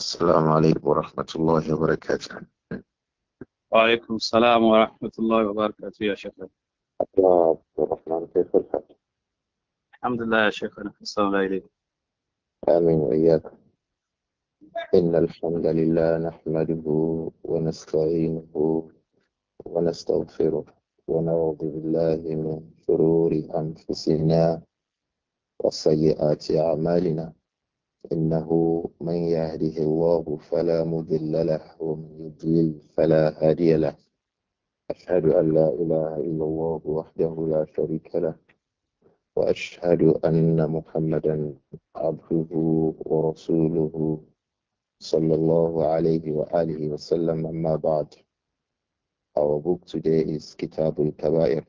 السلام عليكم ورحمة الله وبركاته وعليكم السلام ورحمة الله وبركاته يا شيخنا يا الرحمن كيف الحال؟ الحمد لله يا شيخنا أحسن الله إليك آمين وإياك إن الحمد لله نحمده ونستعينه ونستغفره ونعوذ بالله من شرور أنفسنا وسيئات أعمالنا إنه من يهده الله فلا مضل له ومن يضلل فلا هادي له أشهد أن لا إله إلا الله وحده لا شريك له وأشهد أن محمدا عبده ورسوله صلى الله عليه وآله وسلم أما بعد Our book today is Kitab al-Kabair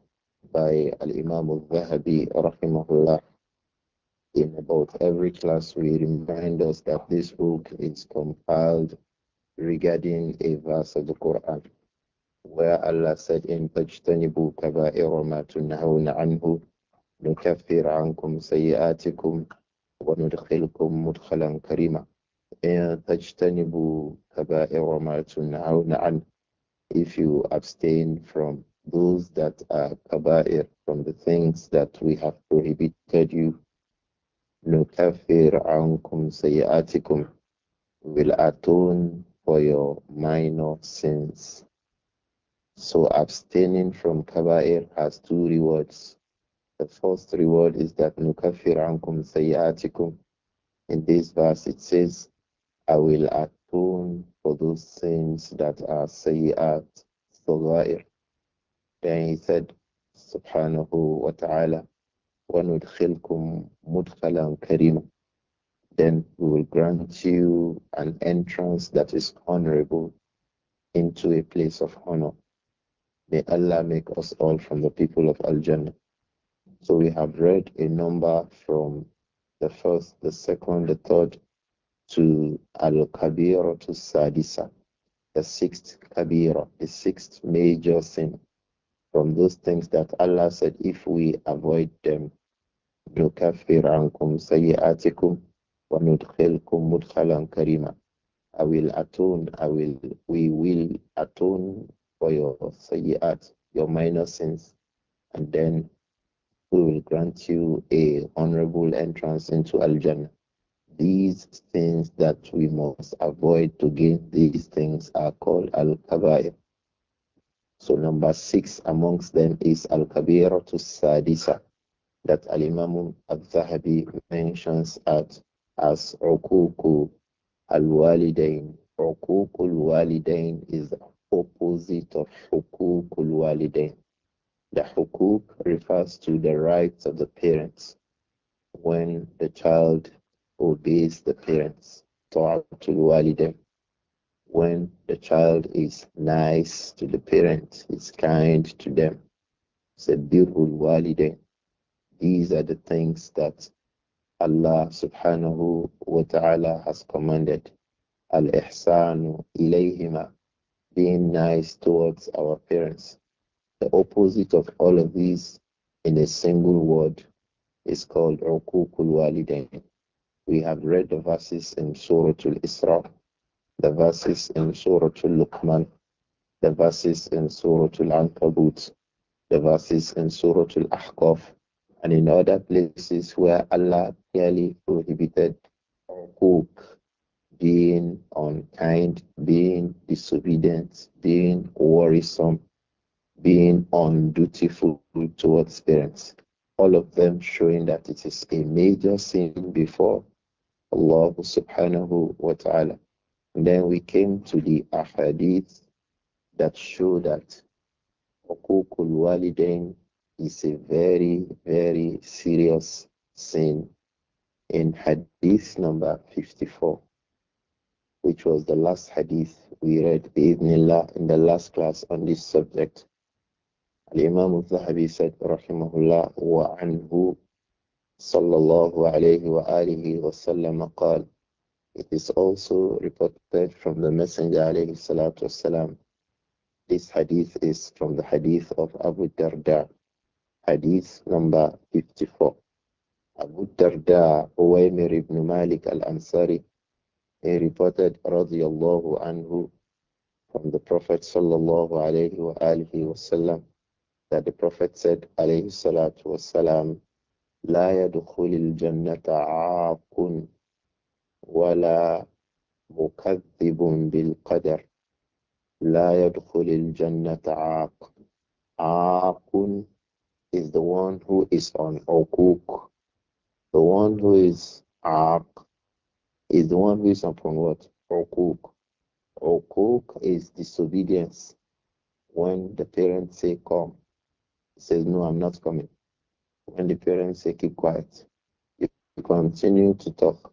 by Al-Imam al-Zahabi rahimahullah in about every class, we remind us that this book is compiled regarding a verse of the Quran, where Allah said, "In tajtanibu kaba'ira ma tunhauna anhu, nukaffir ankum sayyi'atikum wa nudkhilukum mudkhalan karima." In tajtanibu kaba'ira ma tunhauna an. If you abstain from those that are kaba'ir, from the things that we have prohibited you Nukafir ankum sayyatikum will atone for your minor sins. So abstaining from kaba'ir has two rewards. The first reward is that nukafir ankum sayyatikum. In this verse it says, I will atone for those sins that are sayyat, sagha'ir. Then he said, subhanahu wa ta'ala, وَنُدْخِلْكُمْ مُدْخَلًا كَرِيمًا Then we will grant you an entrance that is honorable into a place of honor. May Allah make us all from the people of Al-Jannah. So we have read a number from the first, the second, the third to al kabir to Sadisa, the sixth Kabir the sixth major sin. From those things that Allah said, if we avoid them, نكفر عنكم سيئاتكم وندخلكم مدخلا كريما I will atone, I will, we will atone for your sayyat, your minor sins, and then we will grant you a honorable entrance into Al-Jannah. These things that we must avoid to gain these things are called Al-Kabair. So number six amongst them is Al-Kabiratu Sadisa that Al Imam al Zahabi mentions at, as Ukuku al Walidain. Ukuku al Walidain is the opposite of Hukuk al Walidain. The Hukuk refers to the rights of the parents when the child obeys the parents. Ta'atul Walidain when the child is nice to the parents, is kind to them. It's a beautiful walidain. These are the things that Allah subhanahu wa ta'ala has commanded. Al ihsanu ilayhima, being nice towards our parents. The opposite of all of these in a single word is called Ukukul Walidain. We have read the verses in Surah Al Isra, the verses in Surah Al Luqman, the verses in Surah Al Ankabut, the verses in Surah Al Ahqaf, and in other places where Allah clearly prohibited cook, being unkind, being disobedient, being worrisome, being undutiful towards parents. All of them showing that it is a major sin before Allah subhanahu wa ta'ala. And then we came to the ahadith that show that Hukukul Walidain is a very, very serious sin in hadith number 54, which was the last hadith we read in the last class on this subject. Al-Imam al-Zahabi said, rahimahullah, wa anhu sallallahu alayhi wa alihi wa sallam It is also reported from the Messenger alayhi salatu wasalam. This hadith is from the hadith of Abu Darda Hadith number 54. Abu Darda Uwaymir ibn Malik al-Ansari, he reported radiyallahu anhu from the Prophet sallallahu alayhi wasallam that the Prophet said alayhi salatu wasallam, لا يدخل الجنة عاق ولا مكذب بالقدر لا يدخل الجنة عاق عاق is the one who is on Okuk. The one who is Ak is the one who is upon what? Okuk. Okuk is disobedience. When the parents say come, he says, No, I'm not coming. When the parents say keep quiet, you continue to talk.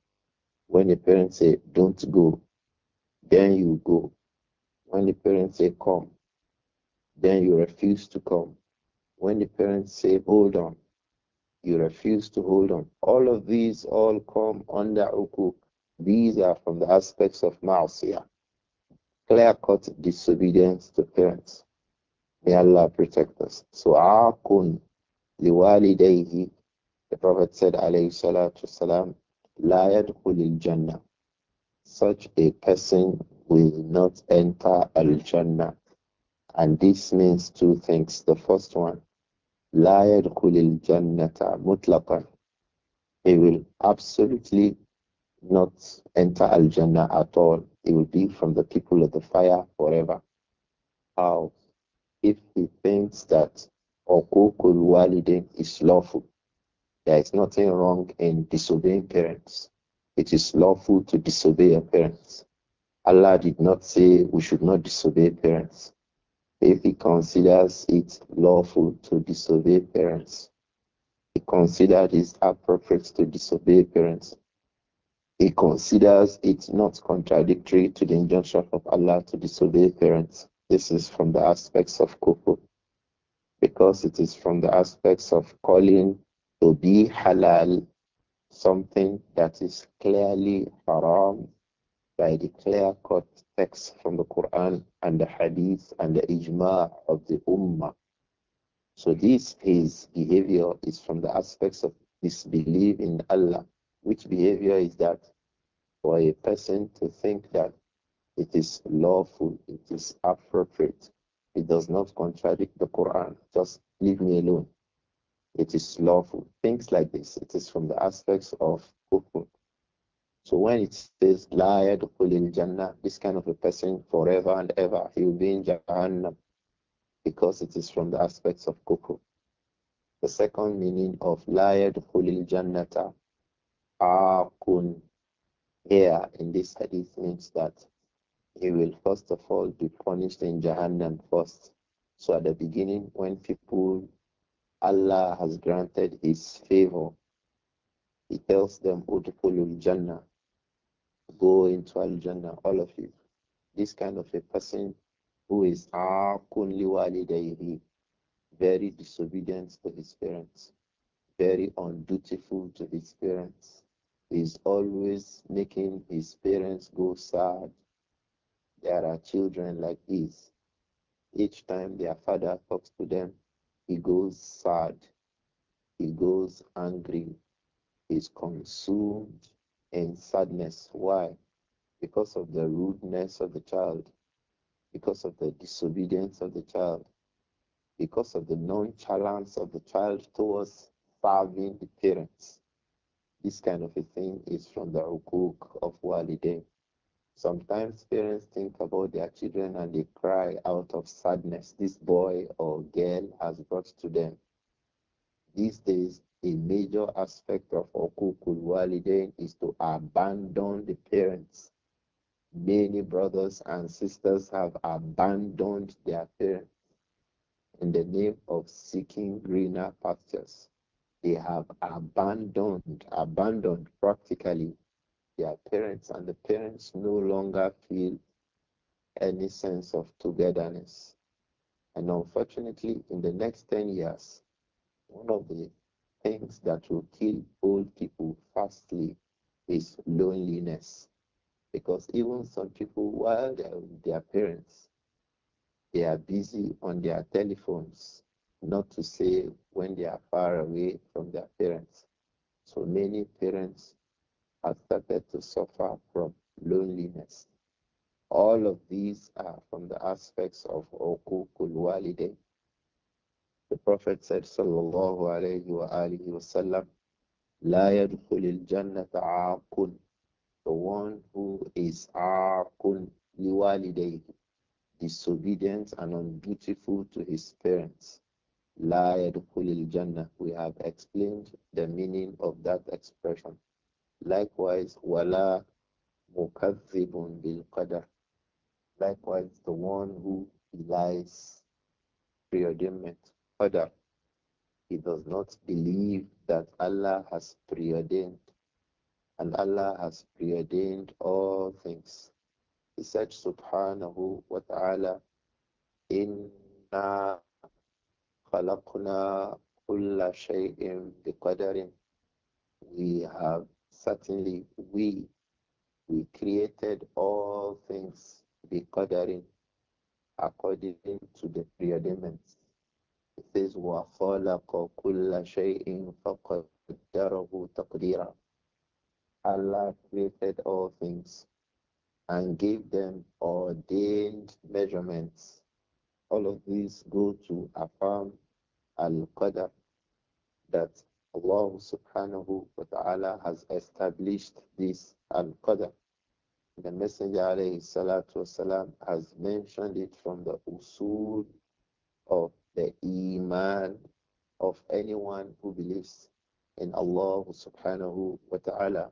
When the parents say don't go, then you go. When the parents say come, then you refuse to come. When the parents say, hold on, you refuse to hold on. All of these all come under uku. These are from the aspects of ma'asiyah. Clear-cut disobedience to parents. May Allah protect us. So, akun liwalidayhi. The Prophet said, alayhi salatu salam, la yadkhulil jannah. Such a person will not enter al-jannah. And this means two things. The first one, La yadkhulil jannata mutlaqan. He will absolutely not enter Al Jannah at all. He will be from the people of the fire forever. How? If he thinks that Okokul Walidin is lawful, there is nothing wrong in disobeying parents. It is lawful to disobey your parents. Allah did not say we should not disobey parents if he considers it lawful to disobey parents. He considers it appropriate to disobey parents. He considers it not contradictory to the injunction of Allah to disobey parents. This is from the aspects of kufr, because it is from the aspects of calling to be halal something that is clearly haram by the clear cut texts from the Quran and the Hadith and the Ijma of the Ummah. So this his behavior is from the aspects of disbelief in Allah. Which behavior is that? For a person to think that it is lawful, it is appropriate, it does not contradict the Quran. Just leave me alone. It is lawful. Things like this. It is from the aspects of kufr. So when it says La in Jannah, this kind of a person forever and ever, he will be in Jahannam because it is from the aspects of kufr. The second meaning of La in Jannata, Akun, here in this hadith means that he will first of all be punished in Jahannam first. So at the beginning, when people, Allah has granted His favor, He tells them, Udkhulul Jannah, Go into Al Jannah, all of you. This kind of a person who is very disobedient to his parents, very undutiful to his parents, is always making his parents go sad. There are children like this. Each time their father talks to them, he goes sad, he goes angry, he's consumed in sadness. Why? Because of the rudeness of the child, because of the disobedience of the child, because of the nonchalance of the child towards serving the parents. This kind of a thing is from the hukuk of waliday. Sometimes parents think about their children and they cry out of sadness this boy or girl has brought to them. These days, a major aspect of Okukul Walidain is to abandon the parents. Many brothers and sisters have abandoned their parents in the name of seeking greener pastures. They have abandoned, abandoned practically their parents, and the parents no longer feel any sense of togetherness. And unfortunately, in the next 10 years, one of the things that will kill old people fastly is loneliness. Because even some people, while they're with their parents, they are busy on their telephones, not to say when they are far away from their parents. So many parents have started to suffer from loneliness. All of these are from the aspects of Okukul Walide, the Prophet said, Sallallahu alayhi wa alihi wasallam, La yadkhulil jannata The one who is aaqun liwalidayhi, disobedient and undutiful to his parents. La yadkhulil jannah. We have explained the meaning of that expression. Likewise, wala mukathibun bil qadar. Likewise, the one who lies preordainment he does not believe that Allah has preordained, and Allah has preordained all things. He said, Subhanahu wa ta'ala, Inna khalaqna kulla shay'in biqadarin. We have certainly, we, we created all things biqadarin according to the preordainment it وَخَلَقَ كُلَّ شَيْءٍ فَقَدَّرَهُ تَقْدِيرًا Allah created all things and gave them ordained measurements. All of these go to affirm al-qadr that Allah subhanahu wa ta'ala has established this al-qadr. The Messenger alayhi salatu wasalam has mentioned it from the usul of the iman of anyone who believes in Allah subhanahu wa ta'ala.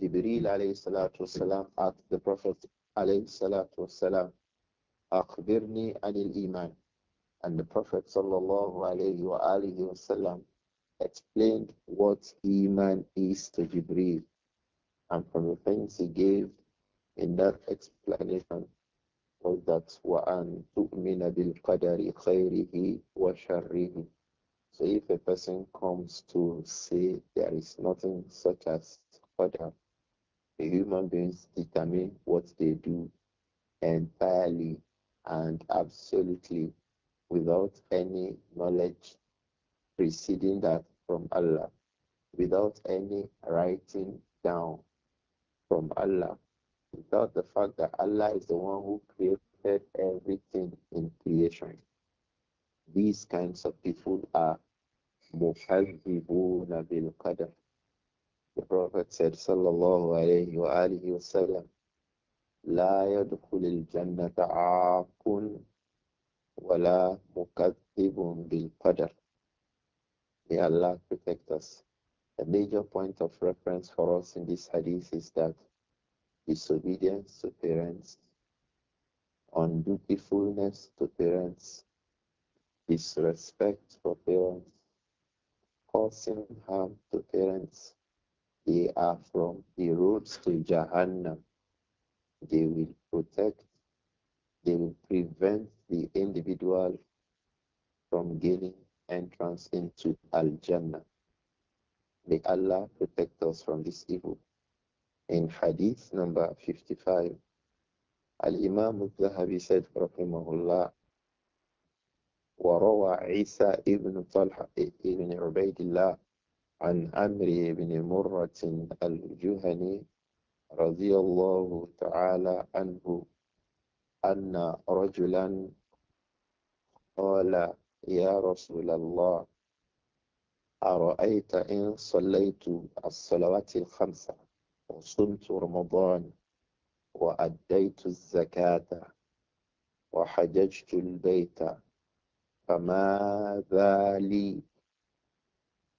Jibreel alayhi salatu wasalam asked the Prophet alayhi salatu wasalam, Akhbirni anil iman. And the Prophet sallallahu alayhi wa alihi wasalam explained what iman is to Jibreel. And from the things he gave in that explanation, was that وَأَن تُؤْمِنَ بِالْقَدَرِ خَيْرِهِ وَشَرِّهِ So if a person comes to say there is nothing such as qadar, the human beings determine what they do entirely and absolutely without any knowledge preceding that from Allah, without any writing down from Allah, without the fact that Allah is the one who created everything in creation. These kinds of people are muhaddibuna bil qadar. The Prophet said, sallallahu alayhi wa alihi wa sallam, لا يدخل الجنة عاق ولا bil qadar." May Allah protect us. The major point of reference for us in this hadith is that disobedience to parents, undutifulness to parents, disrespect for parents, causing harm to parents. They are from the roads to Jahannam. They will protect, they will prevent the individual from gaining entrance into Al Jannah. May Allah protect us from this evil in hadith number 55, Al-Imam al-Zahabi said, Rahimahullah, وروى عيسى ابن طلحة ابن عبيد الله عن عمرو بن مرة الجهني رضي الله تعالى عنه أن رجلا قال يا رسول الله أرأيت إن صليت الصلوات الخمسة وصمت رمضان وأديت الزكاة وحججت البيت فماذا لي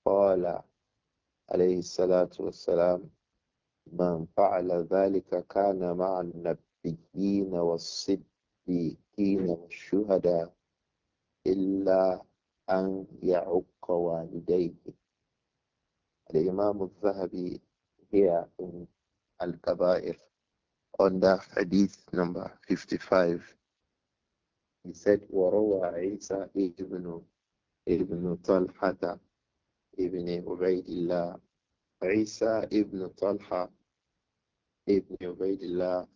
قال عليه الصلاة والسلام من فعل ذلك كان مع النبيين والصديقين والشهداء إلا أن يعق والديه الإمام الذهبي here in Al Kaba'ir under Hadith number 55. He said, "Warawa Isa ابن ابن طلحة ابن عبيد Isa عيسى Talha طلحة ابن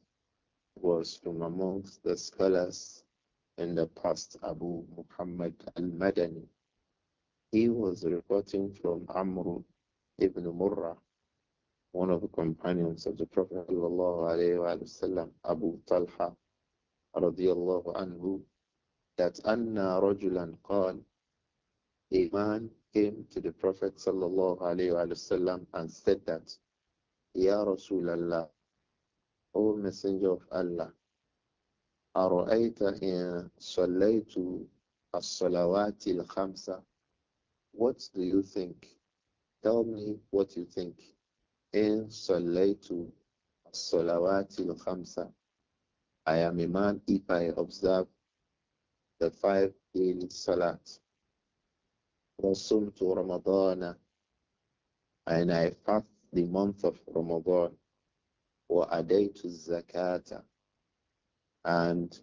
was from amongst the scholars in the past Abu Muhammad al-Madani. He was reporting from Amr ibn Murrah one of the companions of the Prophet وسلم, Abu Talha radiallahu anhu, that Anna Rajulan qal, a man came to the Prophet sallallahu alayhi wasallam and said that, Ya Rasulallah, O Messenger of Allah, أرأيت إن صليت الصلوات الخمسة What do you think? Tell me what you think in salatu salawati khamsa I am a man if I observe the five in salat. salats. to Ramadan and I fast the month of Ramadan. Wa to zakat, and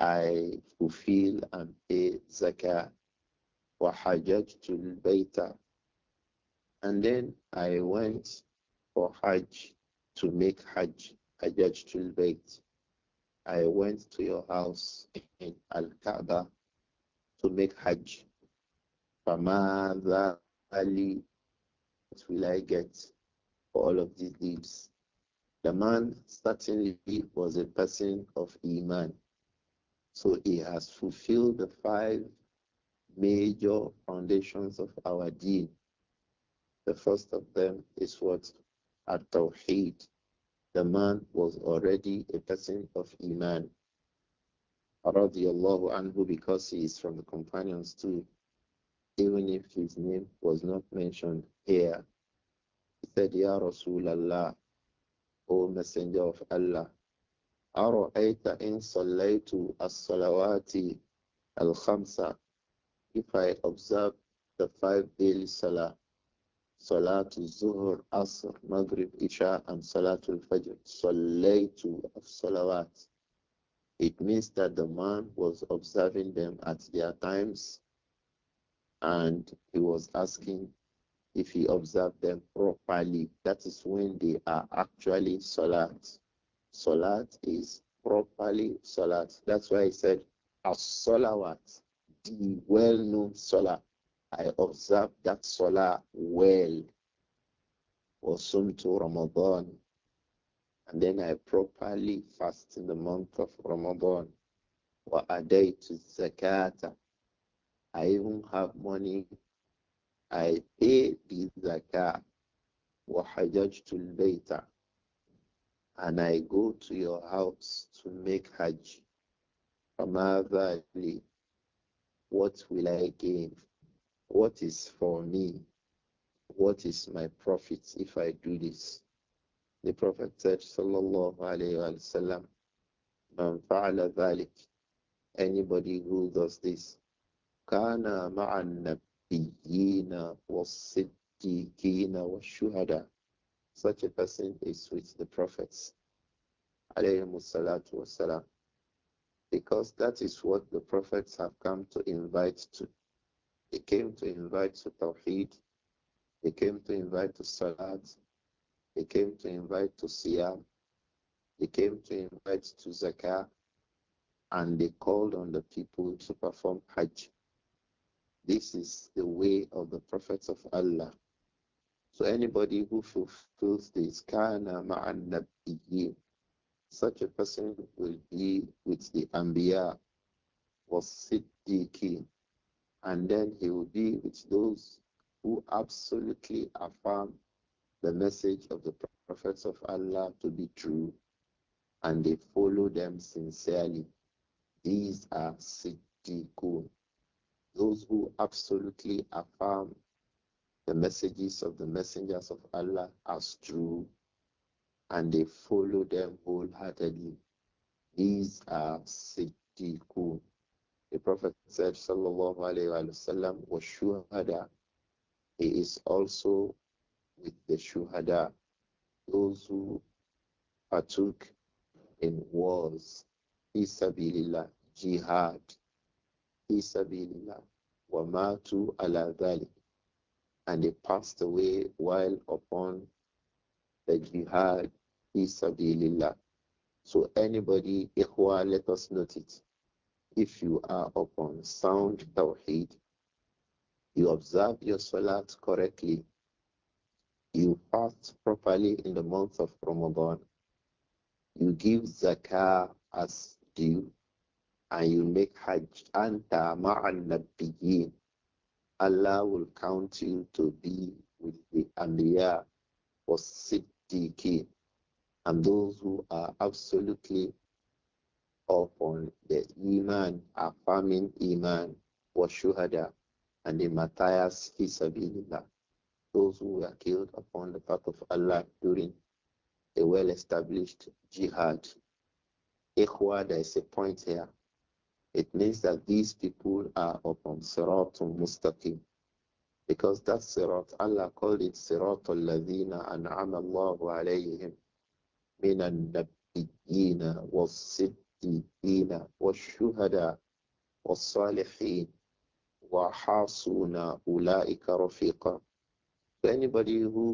I fulfill and pay zakat. Wa to al-bayta and then I went for Hajj, to make Hajj, Hajj to Bayt. I went to your house in Al Kaaba to make Hajj. Famada Ali, what will I get for all of these deeds? The man certainly was a person of Iman. So he has fulfilled the five major foundations of our deen. The first of them is what at Tawheed, the man was already a person of Iman. Radiallahu anhu, because he is from the companions too, even if his name was not mentioned here. He said, Ya Rasulallah, O Messenger of Allah, أرأيت As-Salawati Al-Khamsa. if I observe the five daily salah Salatul Zuhr, Asr, Maghrib, Isha, and Salatul Fajr. Sallaytu of Salawat. It means that the man was observing them at their times and he was asking if he observed them properly. That is when they are actually Salat. Salat is properly Salat. That's why he said, As Salawat, the well known Salat. I observed that Salah well. to Ramadan. And then I properly fast in the month of Ramadan. to Zakat! I even have money. I pay the zakah. to البيت. And I go to your house to make hajj. فماذا What will I gain? What is for me? What is my profit if I do this? The Prophet said, Sallallahu Alaihi Wasallam, Man fa'ala dhalik, anybody who does this, kana ma'an nabiyyina was-siddiqina was-shuhada. Such a person is with the prophets, because that is what the prophets have come to invite to. He came to invite to Tawheed. He came to invite to Salat. He came to invite to Siyam. He came to invite to Zakah. And they called on the people to perform Hajj. This is the way of the prophets of Allah. So anybody who fulfills this kana ma'an nabiyyin, such a person will be with the anbiya was siddiqin and then he will be with those who absolutely affirm the message of the prophets of Allah to be true and they follow them sincerely. These are Siddiqun, those who absolutely affirm the messages of the messengers of Allah as true and they follow them wholeheartedly. These are Siddiqun. The Prophet said, Sallallahu Alaihi Wasallam, was shuhada. He is also with the shuhada, those who partook in wars, isabilillah, jihad, isabilillah, wamatu matu ala dhalik. And they passed away while upon the jihad, isabilillah. So anybody, ikhwa, let us note it if you are upon sound tawheed, you observe your salat correctly, you fast properly in the month of Ramadan, you give zakah as due, and you make hajj anta ma'al nabiyyin. Allah will count you to be with the anbiya was siddiqeen and those who are absolutely upon the Iman, affirming Iman, was Shuhada, and the Matthias Fisabilillah, those who were killed upon the path of Allah during a well established jihad. Ikhwa, there is a point here. It means that these people are upon Siratul Mustaqim. Because that Sirat, Allah called it Siratul Ladina and Amallahu alayhim. من النبيين والصديقين والصديقين والشهداء والصالحين وحاصون أولئك رفيقا anybody who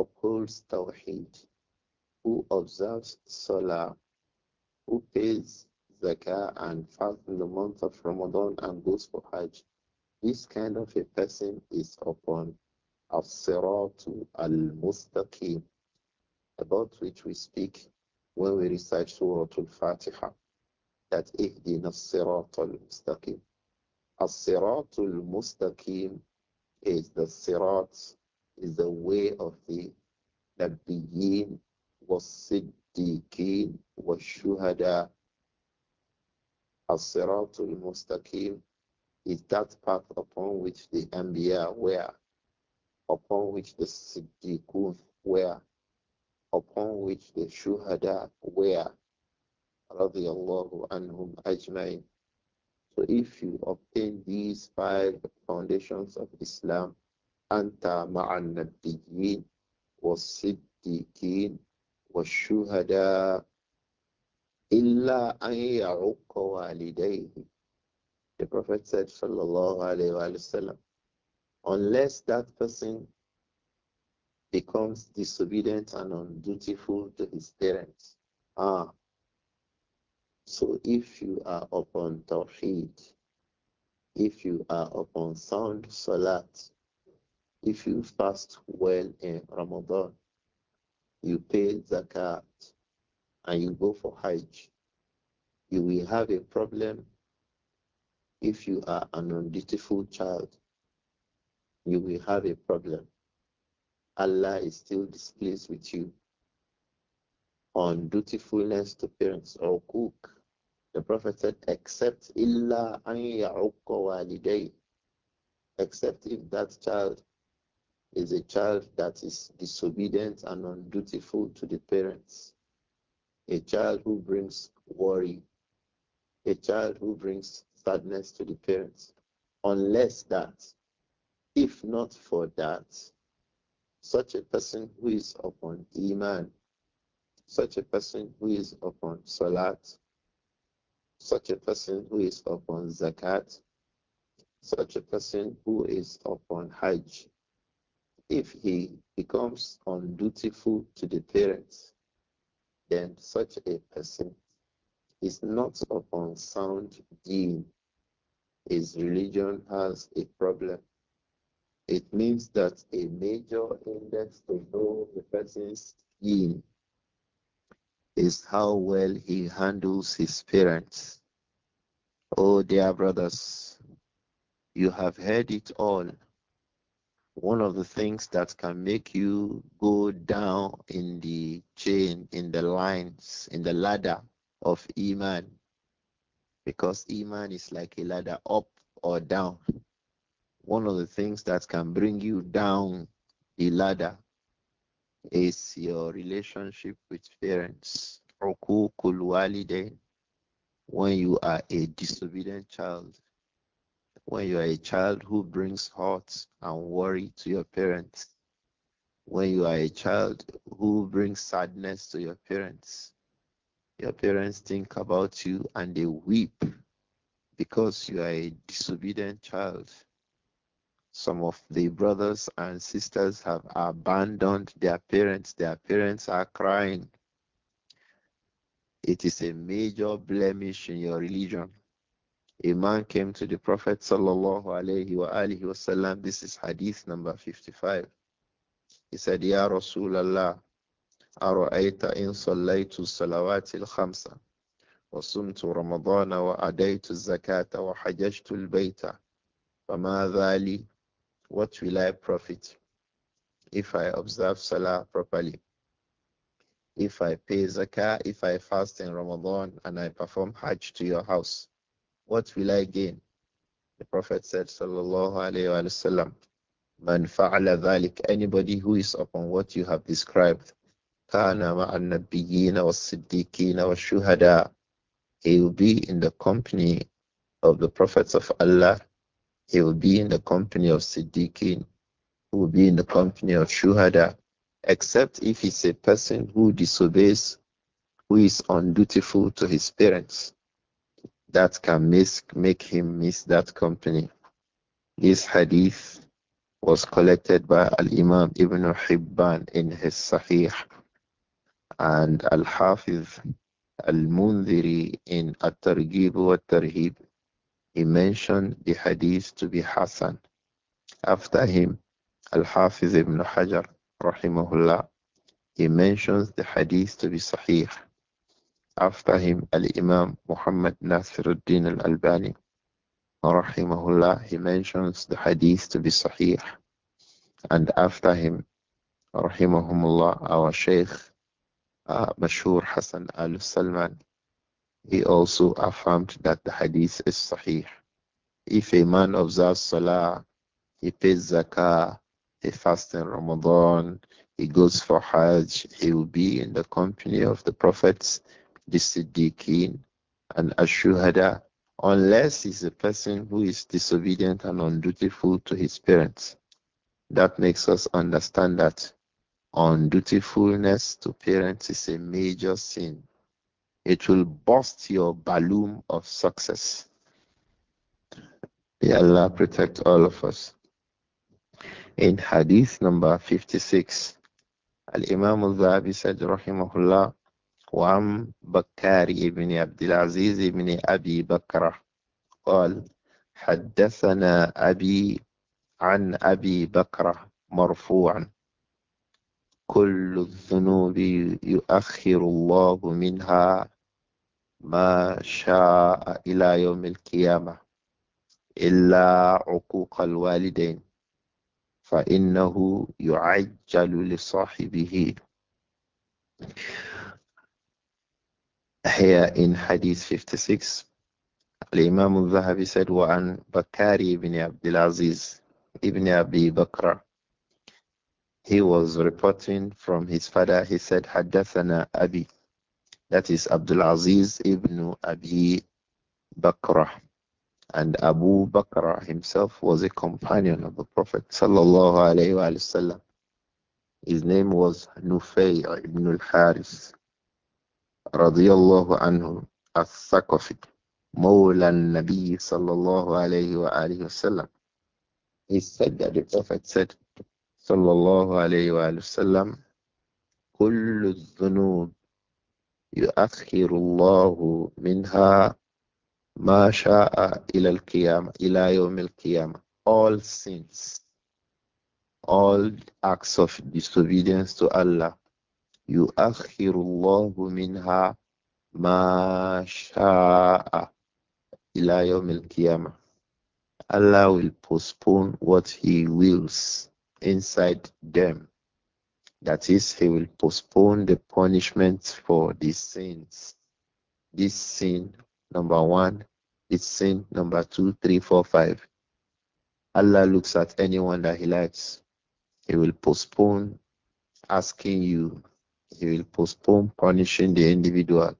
upholds Tawheed, who observes Salah, who pays Zakah and fasts in the month of Ramadan and goes for Hajj, this kind of a person is upon al-sirat Al-Mustaqim, about which we speak when we recite Surah Al-Fatiha that Ihdina Sirat Al-Mustaqim. as mustaqim is the Sirat, is the way of the was والصديقين والشهداء الصراط المستقيم is that path upon which the Anbiya were, upon which the Siddiqun were, upon which the shuhada were ajma'in. So if you obtain these five foundations of Islam, anta ma'an nabiyyin was-siddiqin wash-shuhada illa an ya'uqqa The Prophet said, sallallahu alayhi wa, alayhi unless that person becomes disobedient and undutiful to his parents. Ah. So if you are upon Tawheed, if you are upon sound Salat, if you fast well in Ramadan, you pay Zakat, and you go for Hajj, you will have a problem if you are an undutiful child. You will have a problem Allah is still displeased with you. On dutifulness to parents or cook. The Prophet said, except illa an waliday, except if that child is a child that is disobedient and undutiful to the parents, a child who brings worry, a child who brings sadness to the parents, unless that, if not for that, such a person who is upon Iman, such a person who is upon Salat, such a person who is upon Zakat, such a person who is upon Hajj, if he becomes undutiful to the parents, then such a person is not upon sound deen. His religion has a problem. It means that a major index to know the person's yin is how well he handles his parents. Oh, dear brothers, you have heard it all. One of the things that can make you go down in the chain, in the lines, in the ladder of Iman, because Iman is like a ladder up or down one of the things that can bring you down the ladder is your relationship with parents. When you are a disobedient child, when you are a child who brings hurt and worry to your parents, when you are a child who brings sadness to your parents, your parents think about you and they weep because you are a disobedient child some of the brothers and sisters have abandoned their parents. Their parents are crying. It is a major blemish in your religion. A man came to the Prophet sallallahu alaihi wa alihi wasallam. This is hadith number 55. He said, Ya Rasulallah, insallaytu إن صليت الصلوات الخمسة وصمت رمضان وأديت الزكاة وحججت البيت فماذا لي what will I profit if I observe Salah properly? If I pay Zakah, if I fast in Ramadan and I perform Hajj to your house, what will I gain? The Prophet said, Sallallahu Alaihi Wasallam, Man fa'ala dhalik, anybody who is upon what you have described, kana ma'an nabiyyina wa siddiqina wa shuhada, he will be in the company of the prophets of Allah he will be in the company of Siddiqin, who will be in the company of Shuhada, except if he's a person who disobeys, who is undutiful to his parents. That can miss, make him miss that company. This hadith was collected by Al Imam Ibn Hibban in his Sahih and Al Hafiz Al Mundiri in At Targhib wa Tarhib he mentioned the hadith to be Hassan. After him, Al-Hafiz ibn Hajar, rahimahullah, he mentions the hadith to be Sahih. After him, Al-Imam Muhammad Nasiruddin al-Albani, rahimahullah, he mentions the hadith to be Sahih. And after him, rahimahumullah, our Shaykh, uh, Mashur Hassan al-Salman, he also affirmed that the hadith is sahih. If a man observes salah, he pays zakah, he fasts in Ramadan, he goes for Hajj, he will be in the company of the prophets, the Siddiqeen, and Ashuhada, unless he's a person who is disobedient and undutiful to his parents. That makes us understand that undutifulness to parents is a major sin. It will burst your balloon of success. May Allah protect all of us. In Hadith number 56, Al-Imam al-Zahabi said, Rahimahullah, وعن بكار بن عبد العزيز بن أبي بكرة قال حدثنا أبي عن أبي بكرة مرفوعا كل الذنوب يؤخر الله منها ما شاء إلى يوم القيامة إلا عقوق الوالدين فإنه يعجل لصاحبه Here in Hadith 56 الإمام الذهبي said وعن بكاري بن عبد العزيز ابن أبي بكر He was reporting from his father, he said, حدثنا أبي That is Abdulaziz ibn Abi Bakrah. And Abu Bakr himself was a companion of the Prophet His name was Nufay ibn al-Haris radiyallahu anhu al-Thaqafi مولى النبي صلى الله عليه وآله وسلم He said that the Prophet said sallallahu alayhi عليه وآله وسلم كل الذنوب يؤخر الله منها ما شاء إلى القيامة إلى يوم القيامة all sins all acts of disobedience to Allah يؤخر الله منها ما شاء إلى يوم القيامة Allah will postpone what he wills inside them That is, he will postpone the punishment for these sins. This sin, number one, this sin, number two, three, four, five. Allah looks at anyone that He likes. He will postpone asking you, He will postpone punishing the individual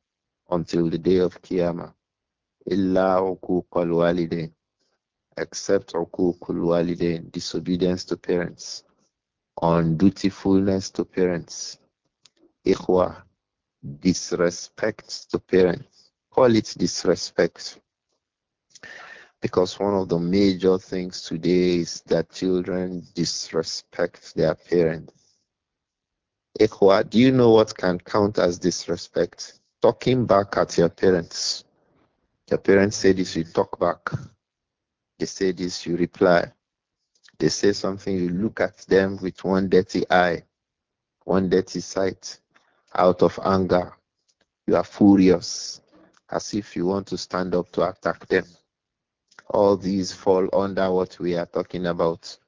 until the day of Qiyamah. Illa uquqal walidain. Except uququl disobedience to parents undutifulness to parents, ikhwa, disrespect to parents. Call it disrespect. Because one of the major things today is that children disrespect their parents. Ikhwa, do you know what can count as disrespect? Talking back at your parents. Your parents say this, you talk back. They say this, you reply. They say something, you look at them with one dirty eye, one dirty sight, out of anger. You are furious, as if you want to stand up to attack them. All these fall under what we are talking about.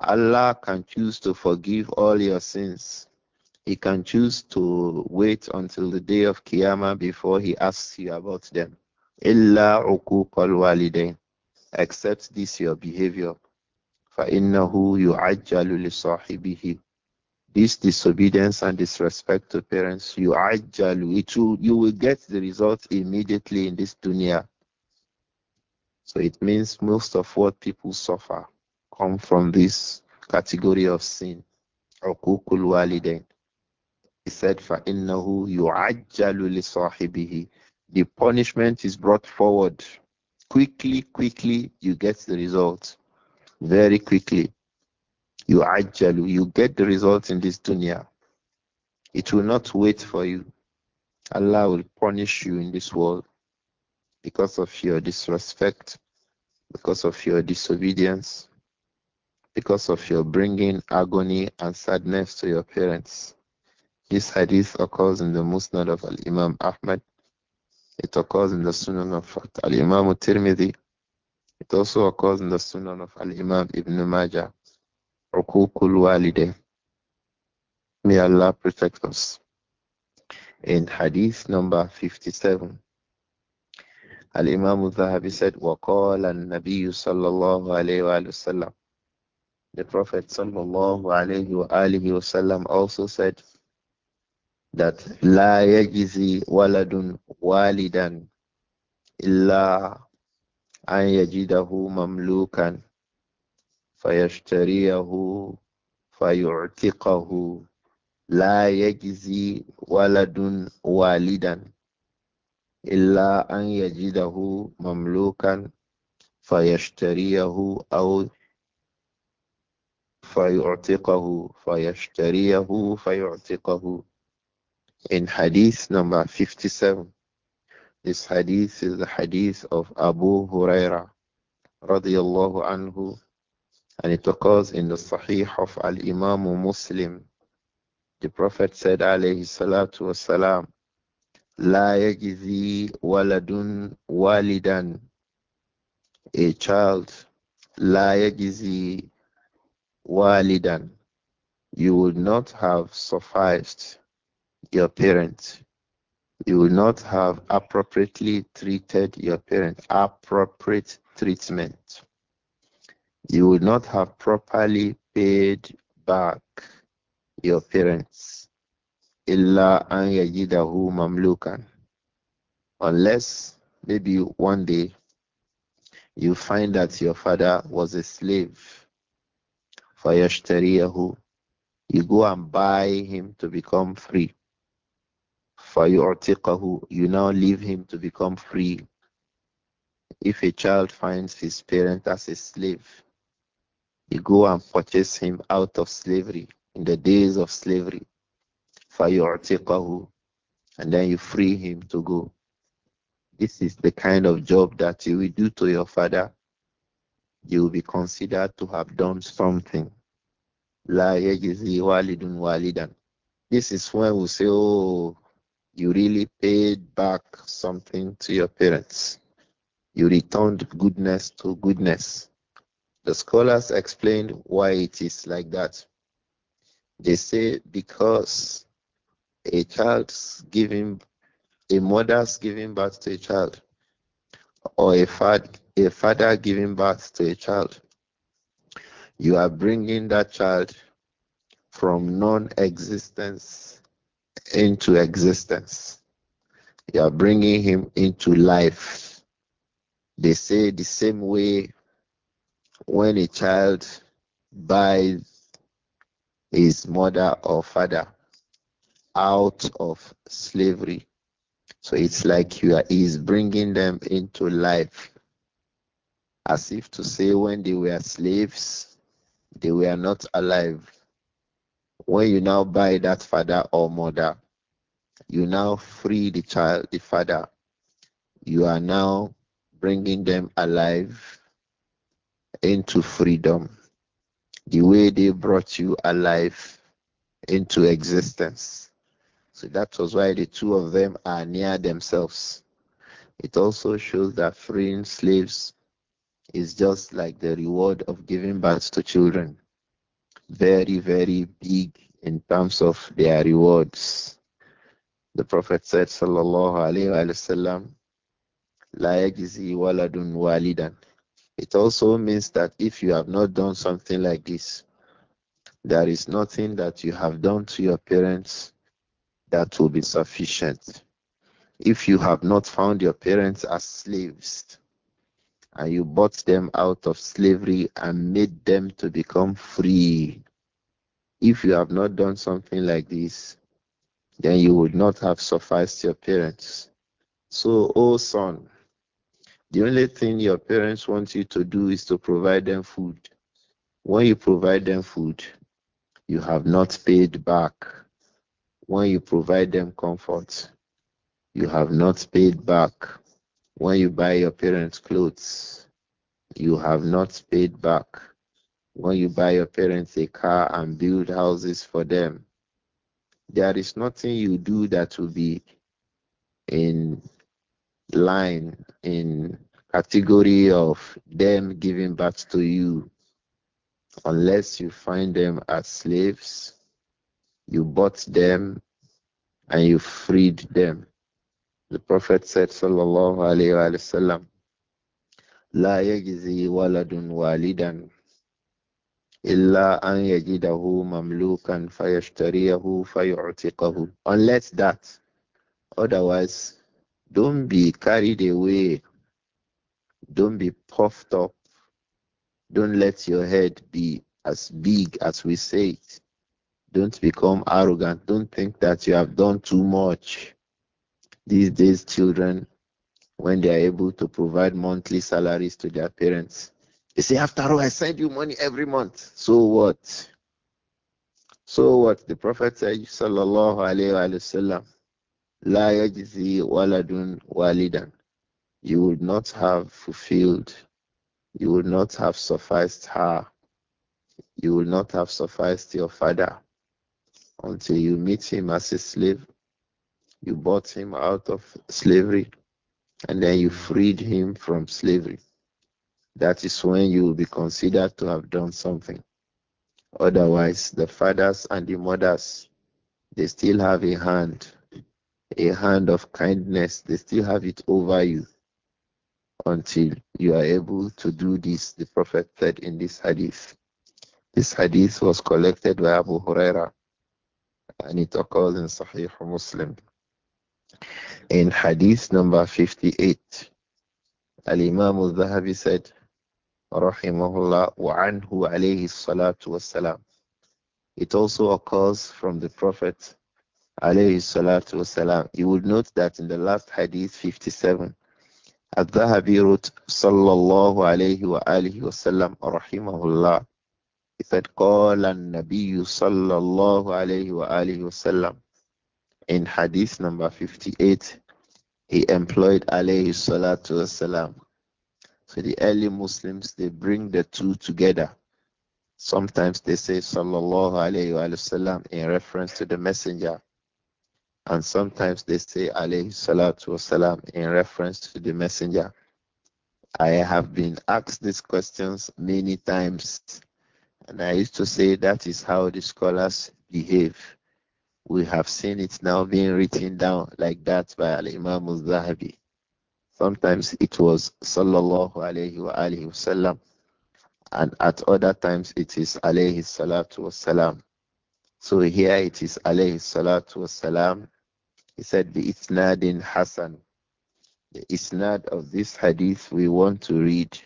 Allah can choose to forgive all your sins. He can choose to wait until the day of Qiyamah before He asks you about them. Illa uquq Except this your behavior. فَإِنَّهُ يُعَجَّلُ لِصَاحِبِهِ This disobedience and disrespect to parents, you ajjalu, it will, you will get the result immediately in this dunya. So it means most of what people suffer come from this category of sin. عقوق الوالدين He said فَإِنَّهُ يُعَجَّلُ لِصَاحِبِهِ The punishment is brought forward. Quickly, quickly, you get the result very quickly. You actually you get the results in this dunya. It will not wait for you. Allah will punish you in this world because of your disrespect, because of your disobedience, because of your bringing agony and sadness to your parents. This hadith occurs in the Musnad of Al Imam Ahmad. It occurs in the Sunan of Al Imam Tirmidhi. It also occurs in the Sunan of Al Imam Ibn Majah, Rukukul Walide. May Allah protect us. In Hadith number 57, Al Imam Al Zahabi said, وقال النبي صلى الله عليه وآله وسلم the Prophet sallallahu alayhi wa alihi wasallam also said that la yajizi waladun walidan illa أن يجده مملوكا فيشتريه فيعتقه لا يجزي ولد والدا إلا أن يجده مملوكا فيشتريه أو فيعتقه فيشتريه فيعتقه in hadith number 57 This hadith is the hadith of Abu Huraira radiallahu anhu and it occurs in the Sahih of Al-Imam Muslim. The Prophet said alayhi salatu wasalam, La yajizi waladun walidan. A child, la yajizi walidan. You would not have sufficed your parents you will not have appropriately treated your parent, appropriate treatment. You will not have properly paid back your parents. Illa an mamlukan. Unless maybe one day you find that your father was a slave. Fayashtariyahu. You go and buy him to become free. فَيُعْتِقَهُ You now leave him to become free. If a child finds his parent as a slave, you go and purchase him out of slavery in the days of slavery. فَيُعْتِقَهُ And then you free him to go. This is the kind of job that you will do to your father. You will be considered to have done something. La This is when we say, oh, you really paid back something to your parents. You returned goodness to goodness. The scholars explained why it is like that. They say because a child's giving, a mother's giving birth to a child, or a, fad, a father giving birth to a child, you are bringing that child from non existence into existence. You are bringing him into life. They say the same way when a child buys his mother or father out of slavery. So it's like you are, is bringing them into life. As if to say, when they were slaves, they were not alive when you now buy that father or mother, you now free the child, the father. You are now bringing them alive into freedom, the way they brought you alive into existence. So that was why the two of them are near themselves. It also shows that freeing slaves is just like the reward of giving birth to children very, very big in terms of their rewards. The Prophet said, Sallallahu Alaihi Wasallam, La yajzi waladun walidan. It also means that if you have not done something like this, there is nothing that you have done to your parents that will be sufficient. If you have not found your parents as slaves, and you bought them out of slavery and made them to become free. If you have not done something like this, then you would not have sufficed your parents. So, oh son, the only thing your parents want you to do is to provide them food. When you provide them food, you have not paid back. When you provide them comfort, you have not paid back when you buy your parents' clothes, you have not paid back. When you buy your parents a car and build houses for them, there is nothing you do that will be in line, in category of them giving back to you unless you find them as slaves, you bought them, and you freed them. The Prophet said, Sallallahu Alaihi Wasallam, La yajzi waladun walidan illa an yajidahu mamlukan fayashtariyahu fayu'tiqahu. Unless that. Otherwise, don't be carried away. Don't be puffed up. Don't let your head be as big as we say it. Don't become arrogant. Don't think that you have done too much. These days, children, when they are able to provide monthly salaries to their parents, they say, After all, I send you money every month. So what? So what? The Prophet said, Sallallahu Alaihi Wasallam, La yajzi waladun walidan. You would not have fulfilled, you would not have sufficed her, you will not have sufficed your father until you meet him as a slave you bought him out of slavery and then you mm. freed him from slavery. That is when you will be considered to have done something. Otherwise, the fathers and the mothers, they still have a hand, a hand of kindness. They still have it over you until you are able to do this, the Prophet said in this hadith. This hadith was collected by Abu Huraira and it occurs in Sahih Muslim. In hadith number 58, Al-Imam al-Zahabi said, Rahimahullah, وَعَنْهُ عَلَيْهِ الصَّلَاةُ It also occurs from the Prophet, alayhi salatu wasalam. You would note that in the last hadith, 57, Al-Zahabi wrote, Sallallahu alayhi wa alihi wasallam, Rahimahullah. He said, قَالَ النَّبِيُّ صَلَّى اللَّهُ عَلَيْهِ وَآلِهِ وَسَلَّمُ in hadith number 58, he employed alayhi salatu wasalam. So the early Muslims, they bring the two together. Sometimes they say sallallahu alayhi wasallam in reference to the messenger. And sometimes they say alayhi salatu wasalam in reference to the messenger. I have been asked these questions many times. And I used to say that is how the scholars behave we have seen it now being written down like that by Al Imam al Zahabi. Sometimes it was Sallallahu Alaihi Wasallam, and at other times it is Alayhi Salatu Wasallam. So here it is Alayhi Salatu Wasallam. He said, the Isnadin Hassan. The Isnad of this hadith we want to read.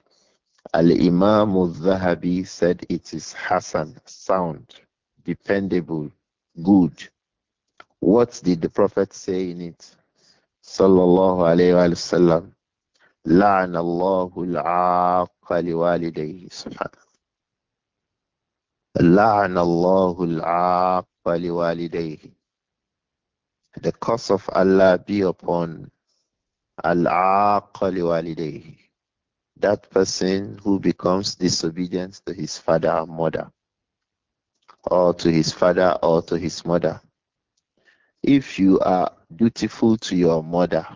Al Imam al Zahabi said it is Hassan, sound, dependable, good. What did the Prophet say in it? Sallallahu alayhi wa sallam. لعن al العاق لوالديه سبحانه لعن الله العاق لوالديه The curse of Allah be upon al-aaq liwalidayhi that person who becomes disobedient to his father or mother, or to his father or to his mother. If you are dutiful to your mother,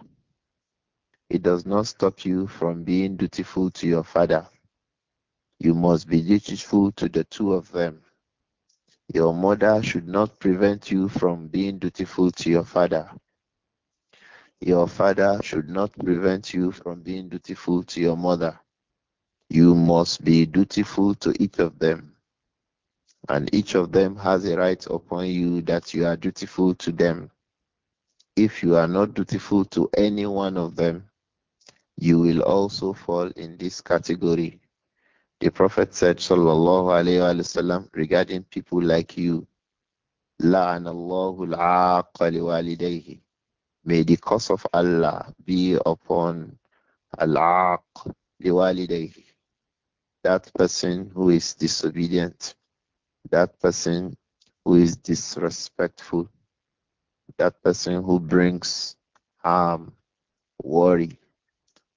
it does not stop you from being dutiful to your father. You must be dutiful to the two of them. Your mother should not prevent you from being dutiful to your father. Your father should not prevent you from being dutiful to your mother. You must be dutiful to each of them and each of them has a right upon you that you are dutiful to them. If you are not dutiful to any one of them, you will also fall in this category. The Prophet said, Sallallahu Alaihi Wasallam, regarding people like you, لعن May the curse of Allah be upon العاق لوالديه. That person who is disobedient that person who is disrespectful, that person who brings harm, worry,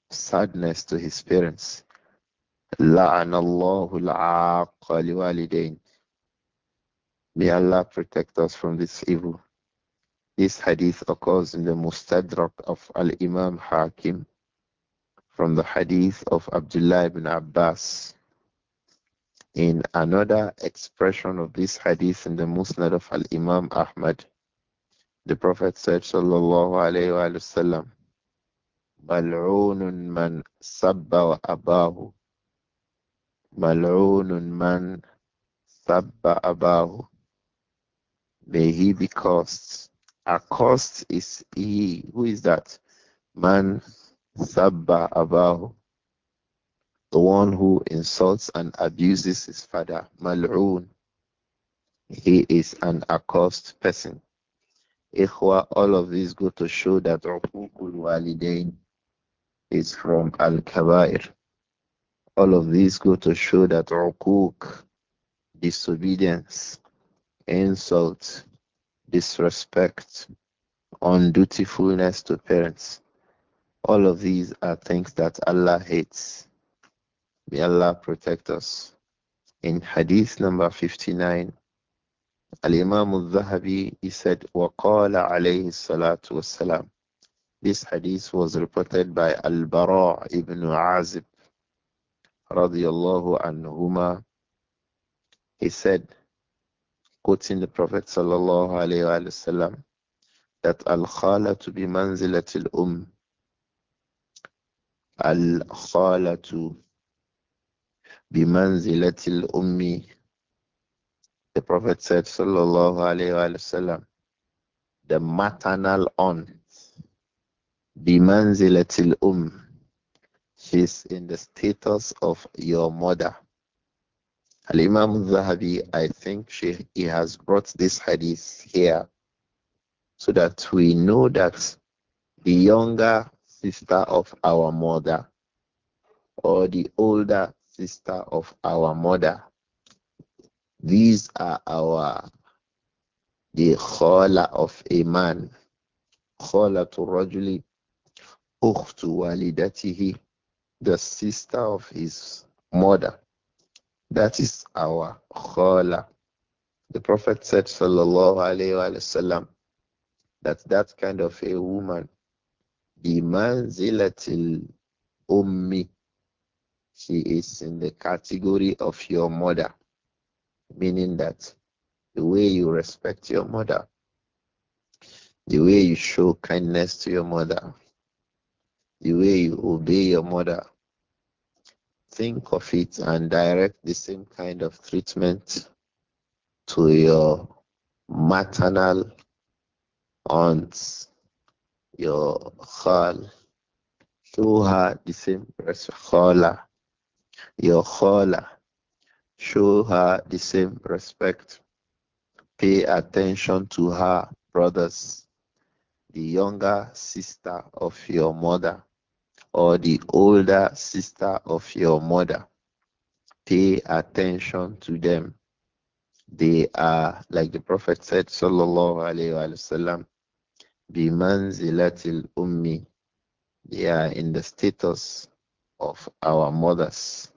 sadness to his parents. May Allah protect us from this evil. This hadith occurs in the Mustadrak of Al Imam Hakim from the hadith of Abdullah ibn Abbas in another expression of this hadith in the Musnad of Al Imam Ahmad, the Prophet said, Sallallahu Alaihi Wasallam, Mal'unun man sabba wa abahu. man sabba abahu. May he be cursed. Accursed is he. Who is that? Man sabba abahu. The one who insults and abuses his father, mal'oon, he is an accursed person. Ikhwa, all of these go to show that uququl walidain is from al-kabair. All of these go to show that uquq, disobedience, insult, disrespect, undutifulness to parents, all of these are things that Allah hates. May Allah protect us. In hadith number 59, Al-Imam al-Zahabi, he said, وَقَالَ عَلَيْهِ الصَّلَاةُ وَالسَّلَامُ This hadith was reported by Al-Bara' ibn Azib, radiyallahu anhuma. He said, quoting the Prophet sallallahu alayhi wa that Al-Khalatu bi manzilatil um. Al-Khalatu bimanzilatil ummi. The Prophet said, sallallahu alayhi Wasallam, the maternal aunt, bimanzilatil um. She's in the status of your mother. Al-Imam Zahabi, I think she, he has brought this hadith here so that we know that the younger sister of our mother or the older sister of our mother. These are our the khala of a man. Khala to rajuli ukhtu walidatihi, the sister of his mother. That is our khala. The Prophet said, sallallahu alayhi wa sallam, that that kind of a woman, the manzilatil ummi, she is in the category of your mother, meaning that the way you respect your mother, the way you show kindness to your mother, the way you obey your mother. Think of it and direct the same kind of treatment to your maternal aunts, your khal. Show her the same respect, khala. Your khala, show her the same respect. Pay attention to her brothers, the younger sister of your mother, or the older sister of your mother. Pay attention to them. They are, like the Prophet said, Sallallahu Alaihi Wasallam, Bimanzilatil Ummi. They are in the status of our mothers.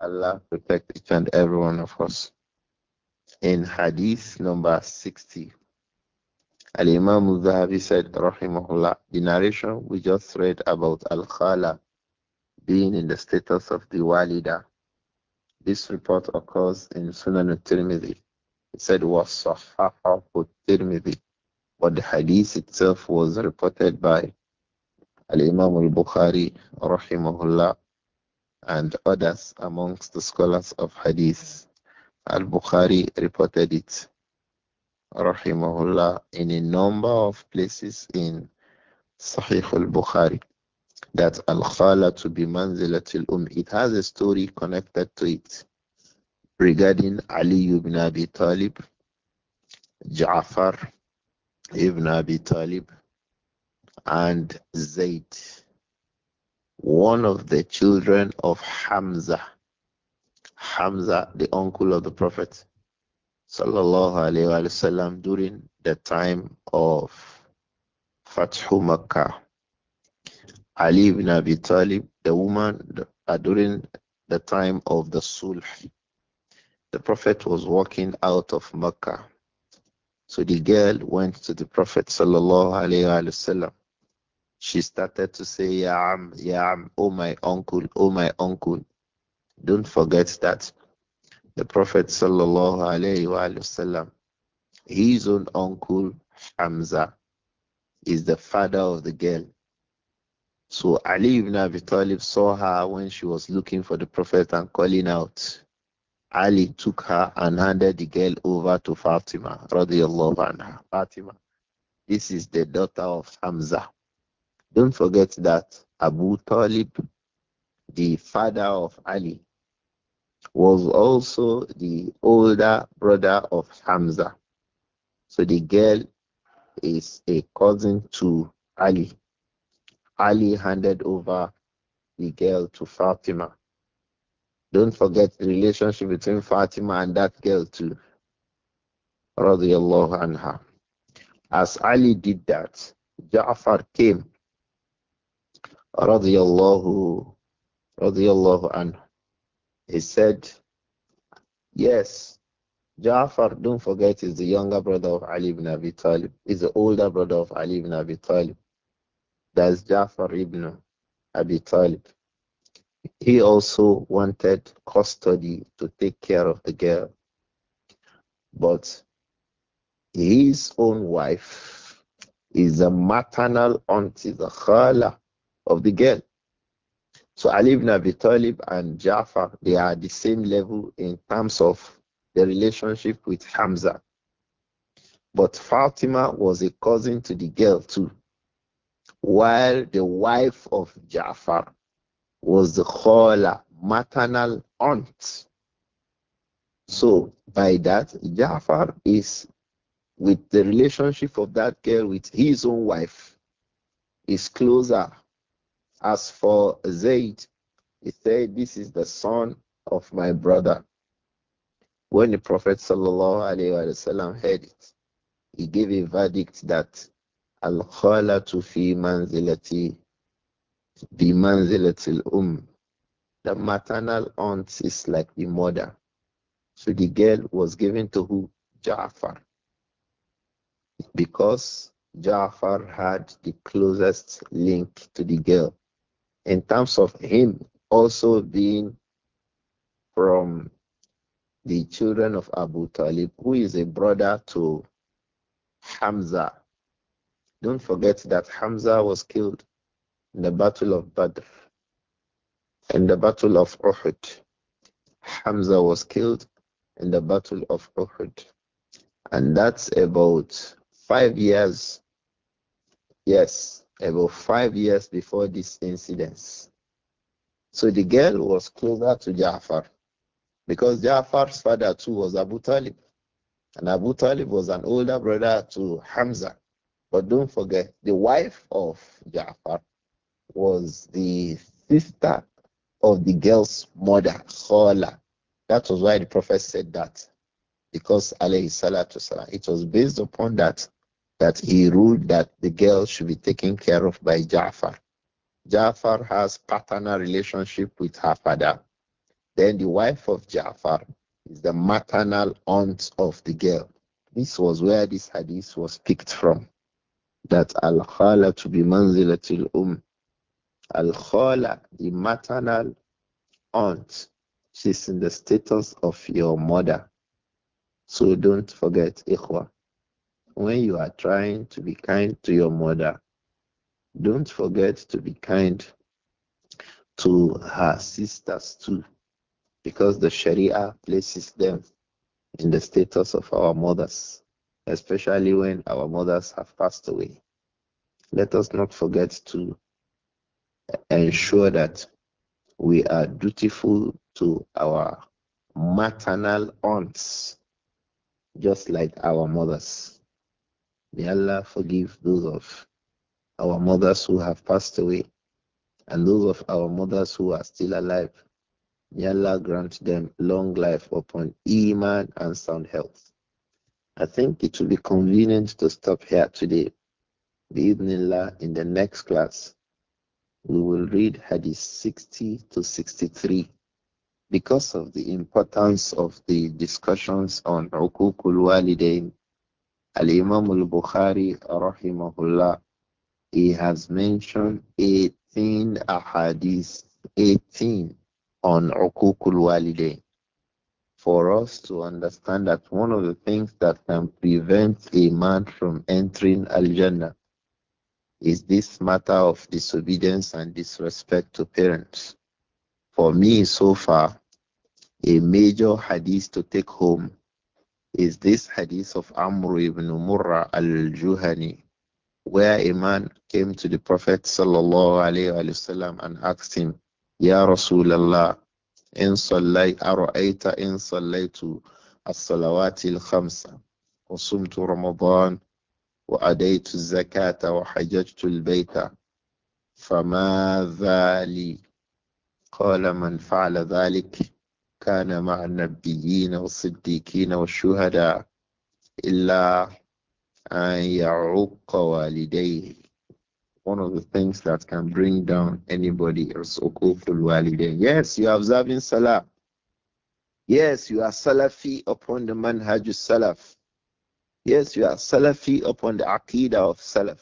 Allah protect each and every one of us. In Hadith number 60, Al Imam Zahabi said, Rahimahullah, the narration we just read about Al Khala being in the status of the Walida. This report occurs in Sunan al Tirmidhi. It said, was al Tirmidhi. But the hadith itself was reported by Al Imam al Bukhari, Rahimahullah, and others amongst the scholars of hadith. Al-Bukhari reported it, rahimahullah, in a number of places in Sahih al-Bukhari, that al-khala to be manzilatul um. It has a story connected to it regarding Ali ibn Abi Talib, Ja'far ibn Abi Talib, and Zayd one of the children of Hamza. Hamza, the uncle of the Prophet, sallallahu alaihi wasallam, during the time of Fathu Makkah. Ali ibn Abi Talib, the woman uh, during the time of the Sulh, the Prophet was walking out of Makkah. So the girl went to the Prophet sallallahu alaihi wasallam she started to say, I'm. oh my uncle, oh my uncle. Don't forget that the Prophet sallallahu alayhi wasallam, his own uncle Hamza is the father of the girl. So Ali ibn Abi Talib saw her when she was looking for the Prophet and calling out. Ali took her and handed the girl over to Fatima, radiallahu anha. Fatima, this is the daughter of Hamza. Don't forget that Abu Talib, the father of Ali, was also the older brother of Hamza. So the girl is a cousin to Ali. Ali handed over the girl to Fatima. Don't forget the relationship between Fatima and that girl too. Radiallahu anha. As Ali did that, Ja'far came radiallahu, radiallahu anhu. He said, Yes, Ja'far, don't forget, is the younger brother of Ali ibn Abi Talib, is the older brother of Ali ibn Abi Talib. That's Ja'far ibn Abi Talib. He also wanted custody to take care of the girl. But his own wife is a maternal auntie, the khala of the girl. So Ali ibn Abi Talib and Ja'far, they are at the same level in terms of the relationship with Hamza. But Fatima was a cousin to the girl too, while the wife of Ja'far was the Khala, maternal aunt. So by that, Ja'far is with the relationship of that girl with his own wife is closer as for Zaid, he said, This is the son of my brother. When the Prophet وسلم, heard it, he gave a verdict that Al Khalatu fi manzilati bi manzilatil um. The maternal aunt is like the mother. So the girl was given to who? Ja'far. Because Ja'far had the closest link to the girl in terms of him also being from the children of Abu Talib, who is a brother to Hamza. Don't forget that Hamza was killed in the Battle of Badr. In the Battle of Uhud, Hamza was killed in the Battle of Uhud. And that's about five years. Yes, about five years before this incident. So the girl was closer to Ja'far because Ja'far's father too was Abu Talib. And Abu Talib was an older brother to Hamza. But don't forget, the wife of Ja'far was the sister of the girl's mother, Khala. That was why the Prophet said that. Because alayhi salatu salam, it was based upon that that he ruled that the girl should be taken care of by Ja'far. Ja'far has paternal relationship with her father. Then the wife of Ja'far is the maternal aunt of the girl. This was where this hadith was picked from. That al khala to be manzilatil um. Al khala, the maternal aunt, she's in the status of your mother. So don't forget, ikhwa when you are trying to be kind to your mother, don't forget to be kind to her sisters too, because the Sharia places them in the status of our mothers, especially when our mothers have passed away. Let us not forget to ensure that we are dutiful to our maternal aunts, just like our mothers. May Allah forgive those of our mothers who have passed away and those of our mothers who are still alive. May Allah grant them long life upon Iman and sound health. I think it will be convenient to stop here today. Bi'idhnillah, in the next class, we will read Hadith 60 to 63 because of the importance of the discussions on Ukukul Walidain Al-Imam al-Bukhari, rahimahullah, he has mentioned 18 ahadith, 18 on uqukul walidain. For us to understand that one of the things that can prevent a man from entering Al-Jannah is this matter of disobedience and disrespect to parents. For me, so far, a major hadith to take home is this hadith of Amr ibn Murrah al-Juhani, where a man came to the Prophet وسلم, and asked him, Ya Rasulallah, in sallay ara'ayta in sallaytu as-salawati al-khamsa wa sumtu Ramadan wa adaytu zakata wa hajjajtu al-bayta فماذا لي قال من فعل ذلك كان مع النبيين والصديقين والشهداء إلا أن يعق والديه one of the things that can bring down anybody is Ukuful Walidain. Yes, you are observing Salah. Yes, you are Salafi upon the Manhaj Salaf. Yes, you are Salafi upon the Aqidah of Salaf.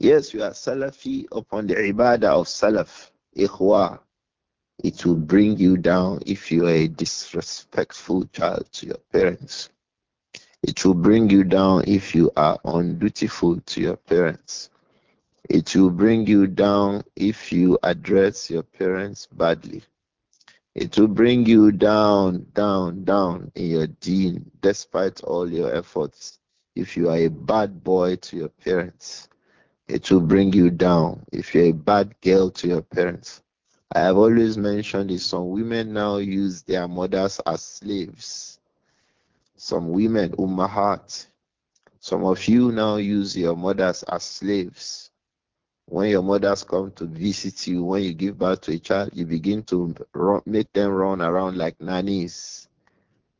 Yes, you are Salafi upon the Ibadah of Salaf. Ikhwa. It will bring you down if you are a disrespectful child to your parents. It will bring you down if you are undutiful to your parents. It will bring you down if you address your parents badly. It will bring you down, down, down in your deen, despite all your efforts. If you are a bad boy to your parents, it will bring you down. If you're a bad girl to your parents, I have always mentioned this. Some women now use their mothers as slaves. Some women, ummahat. Some of you now use your mothers as slaves. When your mothers come to visit you, when you give birth to a child, you begin to run, make them run around like nannies.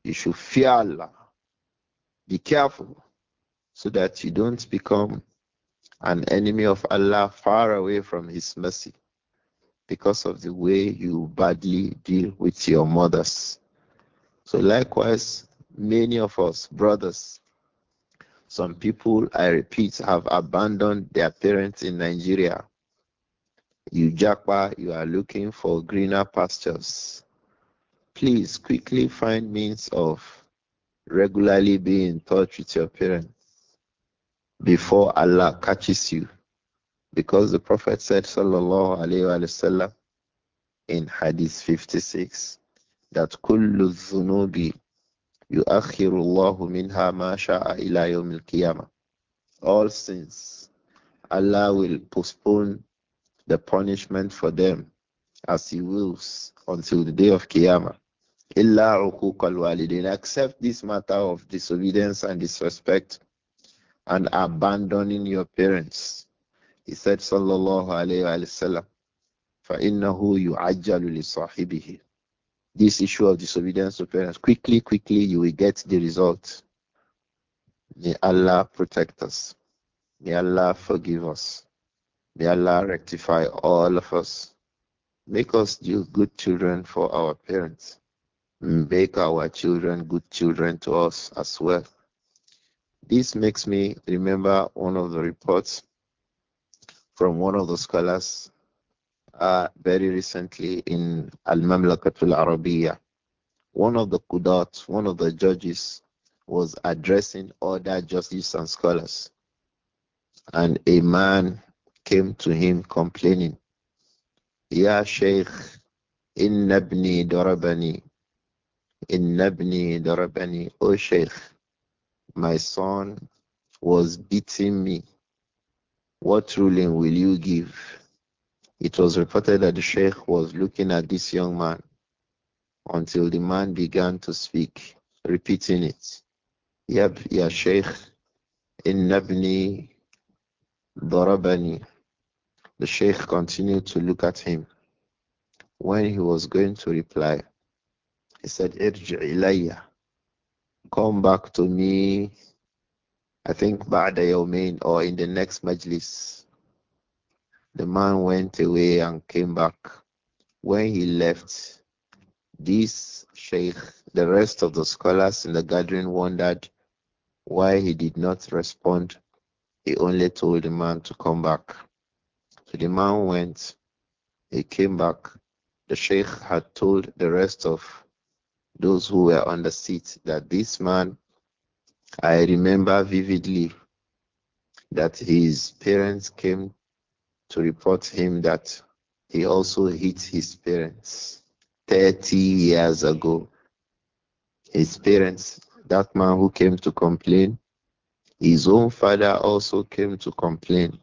You should fear Allah. Be careful so that you don't become an enemy of Allah far away from His mercy because of the way you badly deal with your mothers. So, likewise, many of us, brothers, some people, I repeat, have abandoned their parents in Nigeria. You Jakwa, you are looking for greener pastures. Please quickly find means of regularly being in touch with your parents before Allah catches you. Because the Prophet said, Sallallahu alayhi Wasallam, in Hadith 56, that Kullu Zunubi yu'akhirullahu minha ma sha'a ila qiyamah. All sins, Allah will postpone the punishment for them as He wills until the day of Qiyamah. Illa uquq Accept this matter of disobedience and disrespect and abandoning your parents. He said, Sallallahu Alaihi Wasallam, فَإِنَّهُ يُعَجَّلُ لِصَاحِبِهِ This issue of disobedience to parents, quickly, quickly you will get the result. May Allah protect us. May Allah forgive us. May Allah rectify all of us. Make us good children for our parents. Make our children good children to us as well. This makes me remember one of the reports from one of the scholars uh, very recently in Al Mamlakatul Arabiya. One of the kudat, one of the judges, was addressing other judges and scholars. And a man came to him complaining, Ya Sheikh, in nabni darabani. in nabni darabani. O Sheikh, my son was beating me. What ruling will you give? It was reported that the Sheikh was looking at this young man until the man began to speak, repeating it. Ya, ya Sheikh, innabni darabani. The Sheikh continued to look at him. When he was going to reply, he said, Irji ilayya. Come back to me, I think Ba'da or in the next majlis, the man went away and came back. When he left, this sheikh, the rest of the scholars in the gathering wondered why he did not respond. He only told the man to come back. So the man went, he came back. The sheikh had told the rest of those who were on the seat that this man I remember vividly that his parents came to report him that he also hit his parents 30 years ago. His parents, that man who came to complain, his own father also came to complain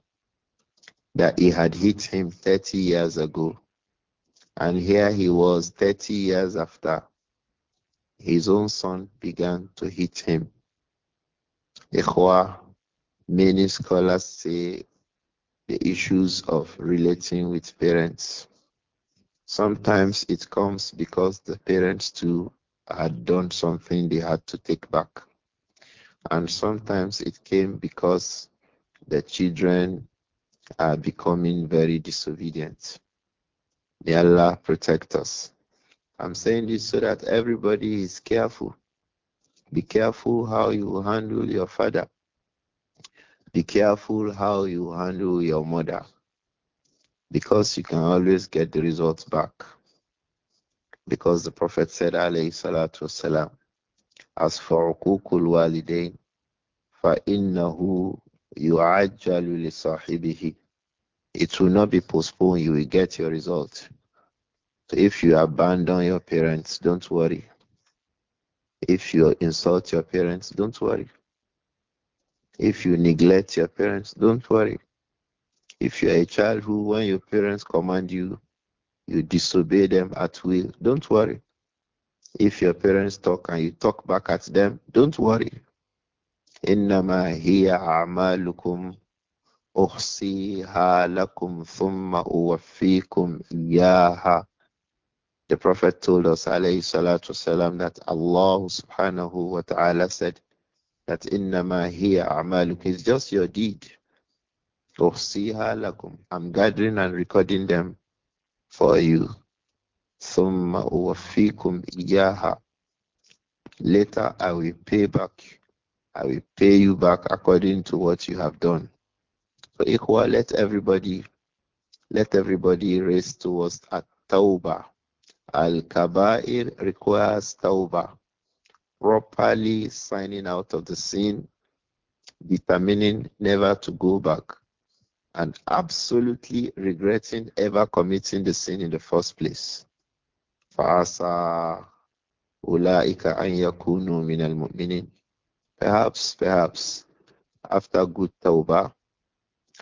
that he had hit him 30 years ago. And here he was 30 years after. His own son began to hit him. Ikhwa, many scholars say the issues of relating with parents. Sometimes it comes because the parents too had done something they had to take back. And sometimes it came because the children are becoming very disobedient. May Allah protect us. I'm saying this so that everybody is careful. Be careful how you handle your father. Be careful how you handle your mother. Because you can always get the results back. Because the Prophet said, alayhi salatu wasalam, as for ukukul walidain, فَإِنَّهُ It will not be postponed. You will get your result. So if you abandon your parents, don't worry. If you insult your parents, don't worry. If you neglect your parents, don't worry. If you are a child who, when your parents command you, you disobey them at will, don't worry. If your parents talk and you talk back at them, don't worry. إنما هي amalukum, أحصيها lakum, thumma أوفيكم إياها the Prophet told us, alayhi salatu wasalam, that Allah subhanahu wa ta'ala said that innama hiya a'maluk is just your deed. lakum. I'm gathering and recording them for you. Thumma uwafikum iyaha. Later I will pay back. I will pay you back according to what you have done. So ikhwa, let everybody let everybody race towards at tawbah Al Kaba'ir requires tawbah, properly signing out of the sin, determining never to go back, and absolutely regretting ever committing the sin in the first place. فَعَسَى an أَن min al-muminin. Perhaps, perhaps, after good tawbah,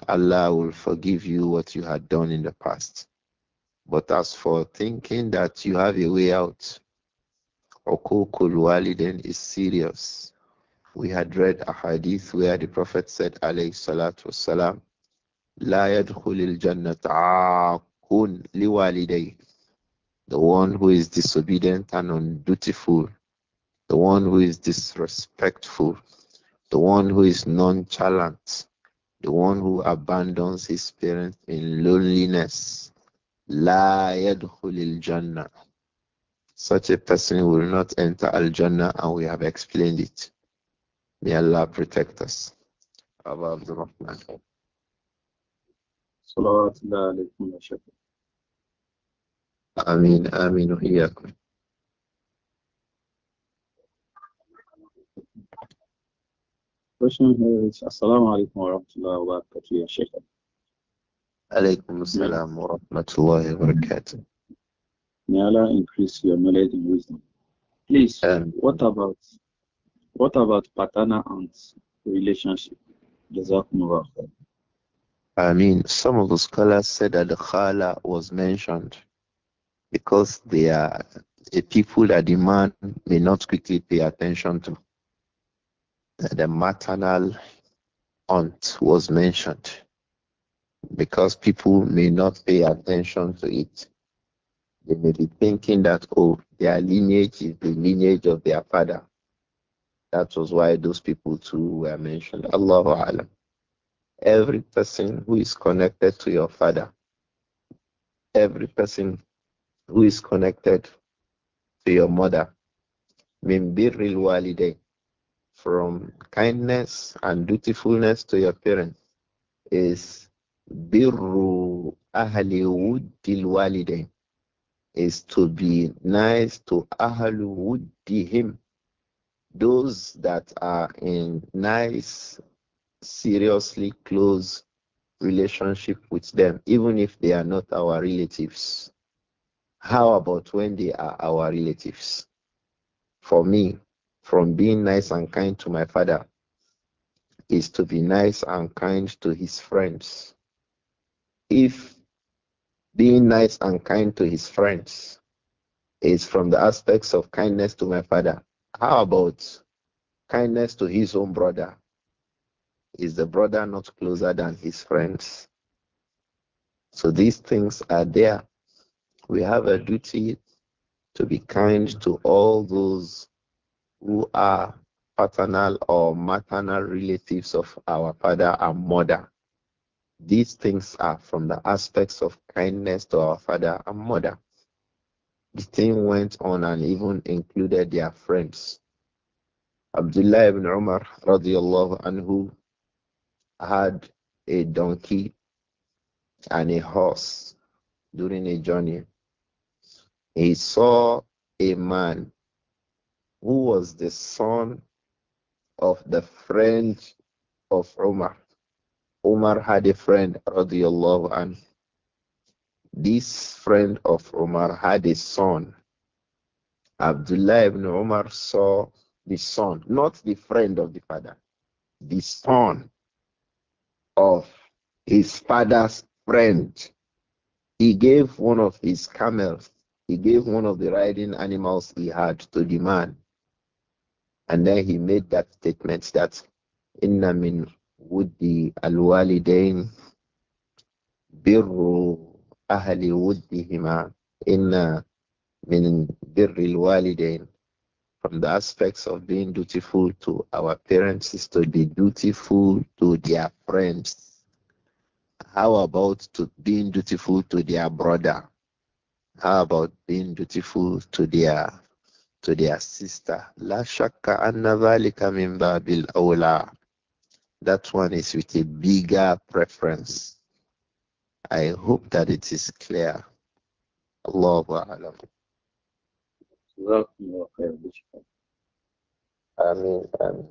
Allah will forgive you what you had done in the past. But as for thinking that you have a way out, Okokul Waliden is serious. We had read a hadith where the Prophet said, alayhi salatu wasalam, La yadkhulil jannata akun liwalidayh. The one who is disobedient and undutiful, the one who is disrespectful, the one who is nonchalant, the one who abandons his parents in loneliness, La yadkhulil jannah. Such a person will not enter al jannah, and we have explained it. May Allah protect us. Abu Abdurrahman. Salawatullah alaykum wa shukr. Question here is Assalamu alaikum wa rahmatullahi wa barakatuh, Alaykum assalam wa rahmatullahi wa barakatuh. May Allah increase your knowledge and wisdom. Please, um, what about what about paternal aunt relationship? I mean, some of the scholars said that the khala was mentioned because they are people that the man may not quickly pay attention to. The maternal aunt was mentioned because people may not pay attention to it. They may be thinking that, oh, their lineage is the lineage of their father. That was why those people too were mentioned. Allahu Alam. Every person who is connected to your father, every person who is connected to your mother, min birril from kindness and dutifulness to your parents, is Birru ahli wuddil walidain is to be nice to ahlu him. Those that are in nice, seriously close relationship with them, even if they are not our relatives. How about when they are our relatives? For me, from being nice and kind to my father is to be nice and kind to his friends if being nice and kind to his friends is from the aspects of kindness to my father, how about kindness to his own brother? Is the brother not closer than his friends? So these things are there. We have a mm. duty to be kind to all those who are paternal or maternal relatives of our father and mother. These things are from the aspects of kindness to our father and mother. The thing went on and even included their friends. Abdullah ibn Umar radiallahu anhu had a donkey and a horse during a journey. He saw a man who was the son of the friend of Umar Umar had a friend, radiallahu anhu. This friend of Umar had a son. Abdullah ibn Umar saw the son, not the friend of the father, the son of his father's friend. He gave one of his camels, he gave one of the riding animals he had to the man. And then he made that statement that Inna min ودي الوالدين بر أهل ودهما إن من بر الوالدين from the aspects of being dutiful to our parents is to be dutiful to their friends. How about to being dutiful to their brother? How about being dutiful to their to their sister? La shakka anna dhalika min bil awla. That one is with a bigger preference. I hope that it is clear. Allahu A'lam. I mean, I mean.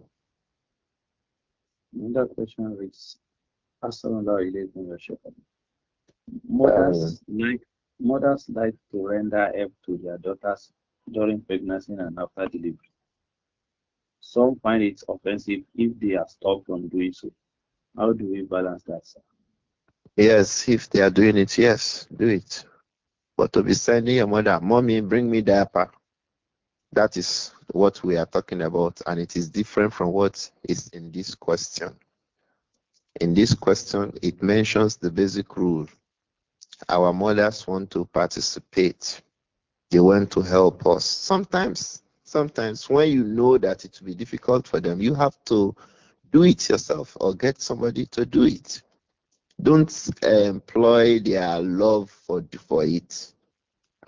Another question reads, Assalamu alaikum Mothers like mothers like to render help to their daughters during pregnancy and after delivery. Some find it offensive if they are stopped from doing so. How do we balance that, sir? Yes, if they are doing it, yes, do it. But to be sending your mother, mommy, bring me diaper. That is what we are talking about, and it is different from what is in this question. In this question, it mentions the basic rule. Our mothers want to participate. They want to help us. Sometimes sometimes when you know that it will be difficult for them, you have to do it yourself or get somebody to do it. Don't um, employ their love for, for it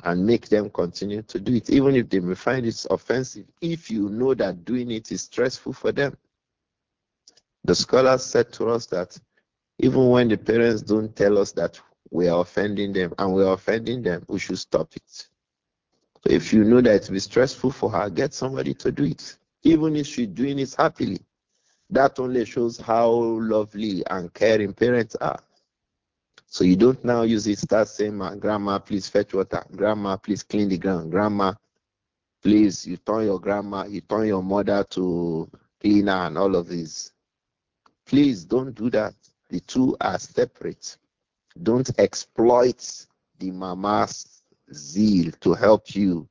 and make them continue to do it, even if they may find it offensive, if you know that doing it is stressful for them. The scholars said to us that even when the parents don't tell us that we are offending them and we are offending them, we should stop it. So if you know that it will be stressful for her, get somebody to do it. Even if she's doing it happily. That only shows how lovely and caring parents are. So you don't now use it, start saying, ah, Grandma, please fetch water. Grandma, please clean the ground. Grandma, please, you turn your grandma, you turn your mother to cleaner and all of this. Please don't do that. The two are separate. Don't exploit the mama's zeal to help you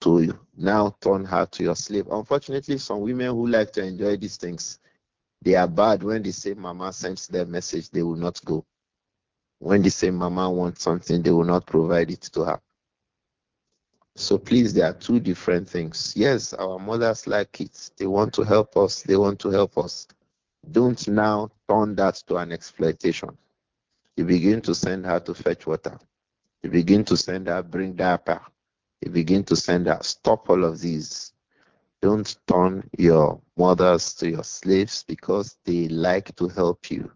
to now turn her to your slave. Unfortunately, some women who like to enjoy these things, they are bad when the same mama sends their message, they will not go. When the same mama wants something, they will not provide it to her. So please, there are two different things. Yes, our mothers like it. They want to help us. They want to help us. Don't now turn that to an exploitation. You begin to send her to fetch water. You begin to send her, bring diaper. You begin to send her, stop all of these. Don't turn your mothers to your slaves because they like to help you.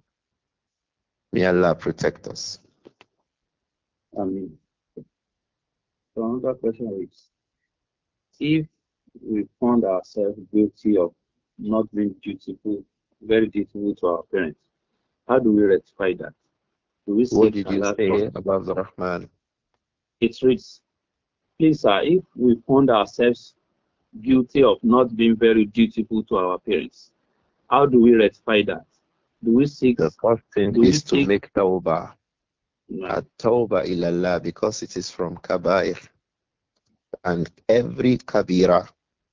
May Allah protect us. Amen. So another question is if we found ourselves guilty of not being dutiful, very dutiful to our parents, how do we rectify that? Do we what did you Allah say, about the Rahman? It reads, Please, sir, if we found ourselves guilty of not being very dutiful to our parents, how do we rectify that? Do we seek the first thing is to make tawbah? No. Tawbah ilallah because it is from kabair, and every kabira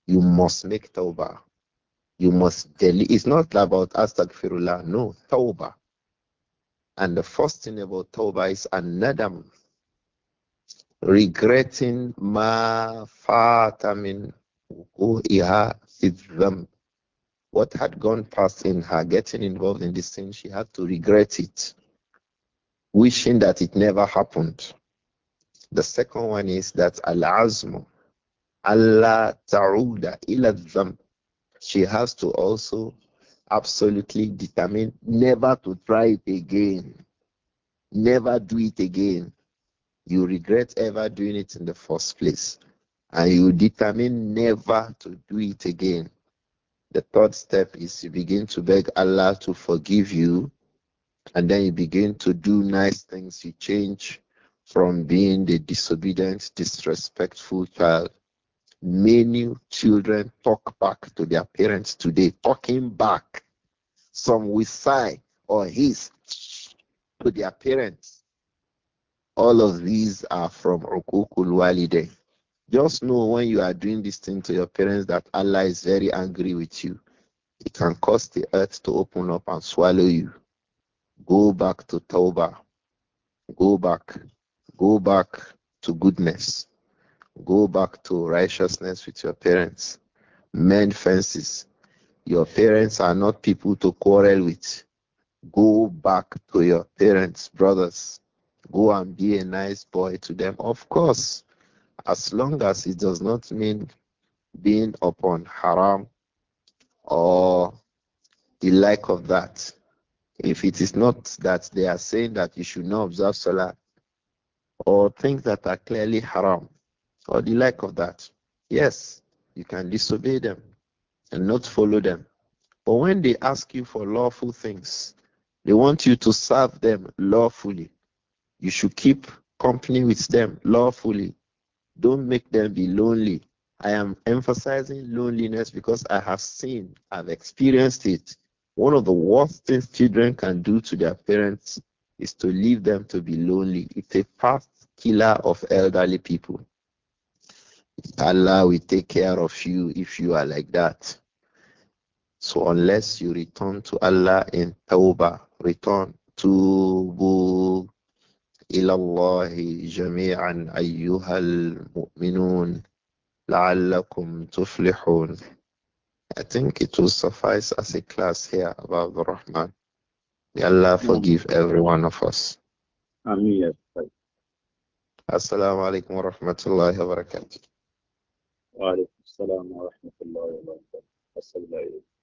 you must make tawbah. You must delete. It's not about astaghfirullah. No, tawbah. And the first thing about tawbah is an nadam, regretting ma fatamin them. What had gone past in her getting involved in this thing, she had to regret it, wishing that it never happened. The second one is that al azmu Allah ta'uda ila She has to also absolutely determine never to try it again, never do it again. You regret ever doing it in the first place, and you determine never to do it again. The third step is you begin to beg Allah to forgive you, and then you begin to do nice things. You change from being the disobedient, disrespectful child. Many children talk back to their parents today, talking back. Some will sigh or hiss to their parents all of these are from Ukukul Walide. Just know when you are doing this thing to your parents that Allah is very angry with you. It can cause the earth to open up and swallow you. Go back to Tauba. Go back. Go back to goodness. Go back to righteousness with your parents. Mend fences. Your parents are not people to quarrel with. Go back to your parents, brothers go and be a nice boy to them. Of course, as long as it does not mean being upon haram or the like of that. If it is not that they are saying that you should not observe salah or things that are clearly haram or the like of that, yes, you can disobey them and not follow them. But when they ask you for lawful things, they want you to serve them lawfully. You should keep company with them lawfully. Don't make them be lonely. I am emphasizing loneliness because I have seen, I've experienced it. One of the worst things children can do to their parents is to leave them to be lonely. It's a fast killer of elderly people. Allah will take care of you if you are like that. So unless you return to Allah in tawbah, return to إلى الله جميعا أيها المؤمنون لعلكم تفلحون I think it will suffice as a class here about the Rahman. May Allah forgive every one of us. Ameen. Assalamu alaikum wa rahmatullahi wa barakatuh. Wa وعليكم wa rahmatullahi wa barakatuh. Assalamu alaikum.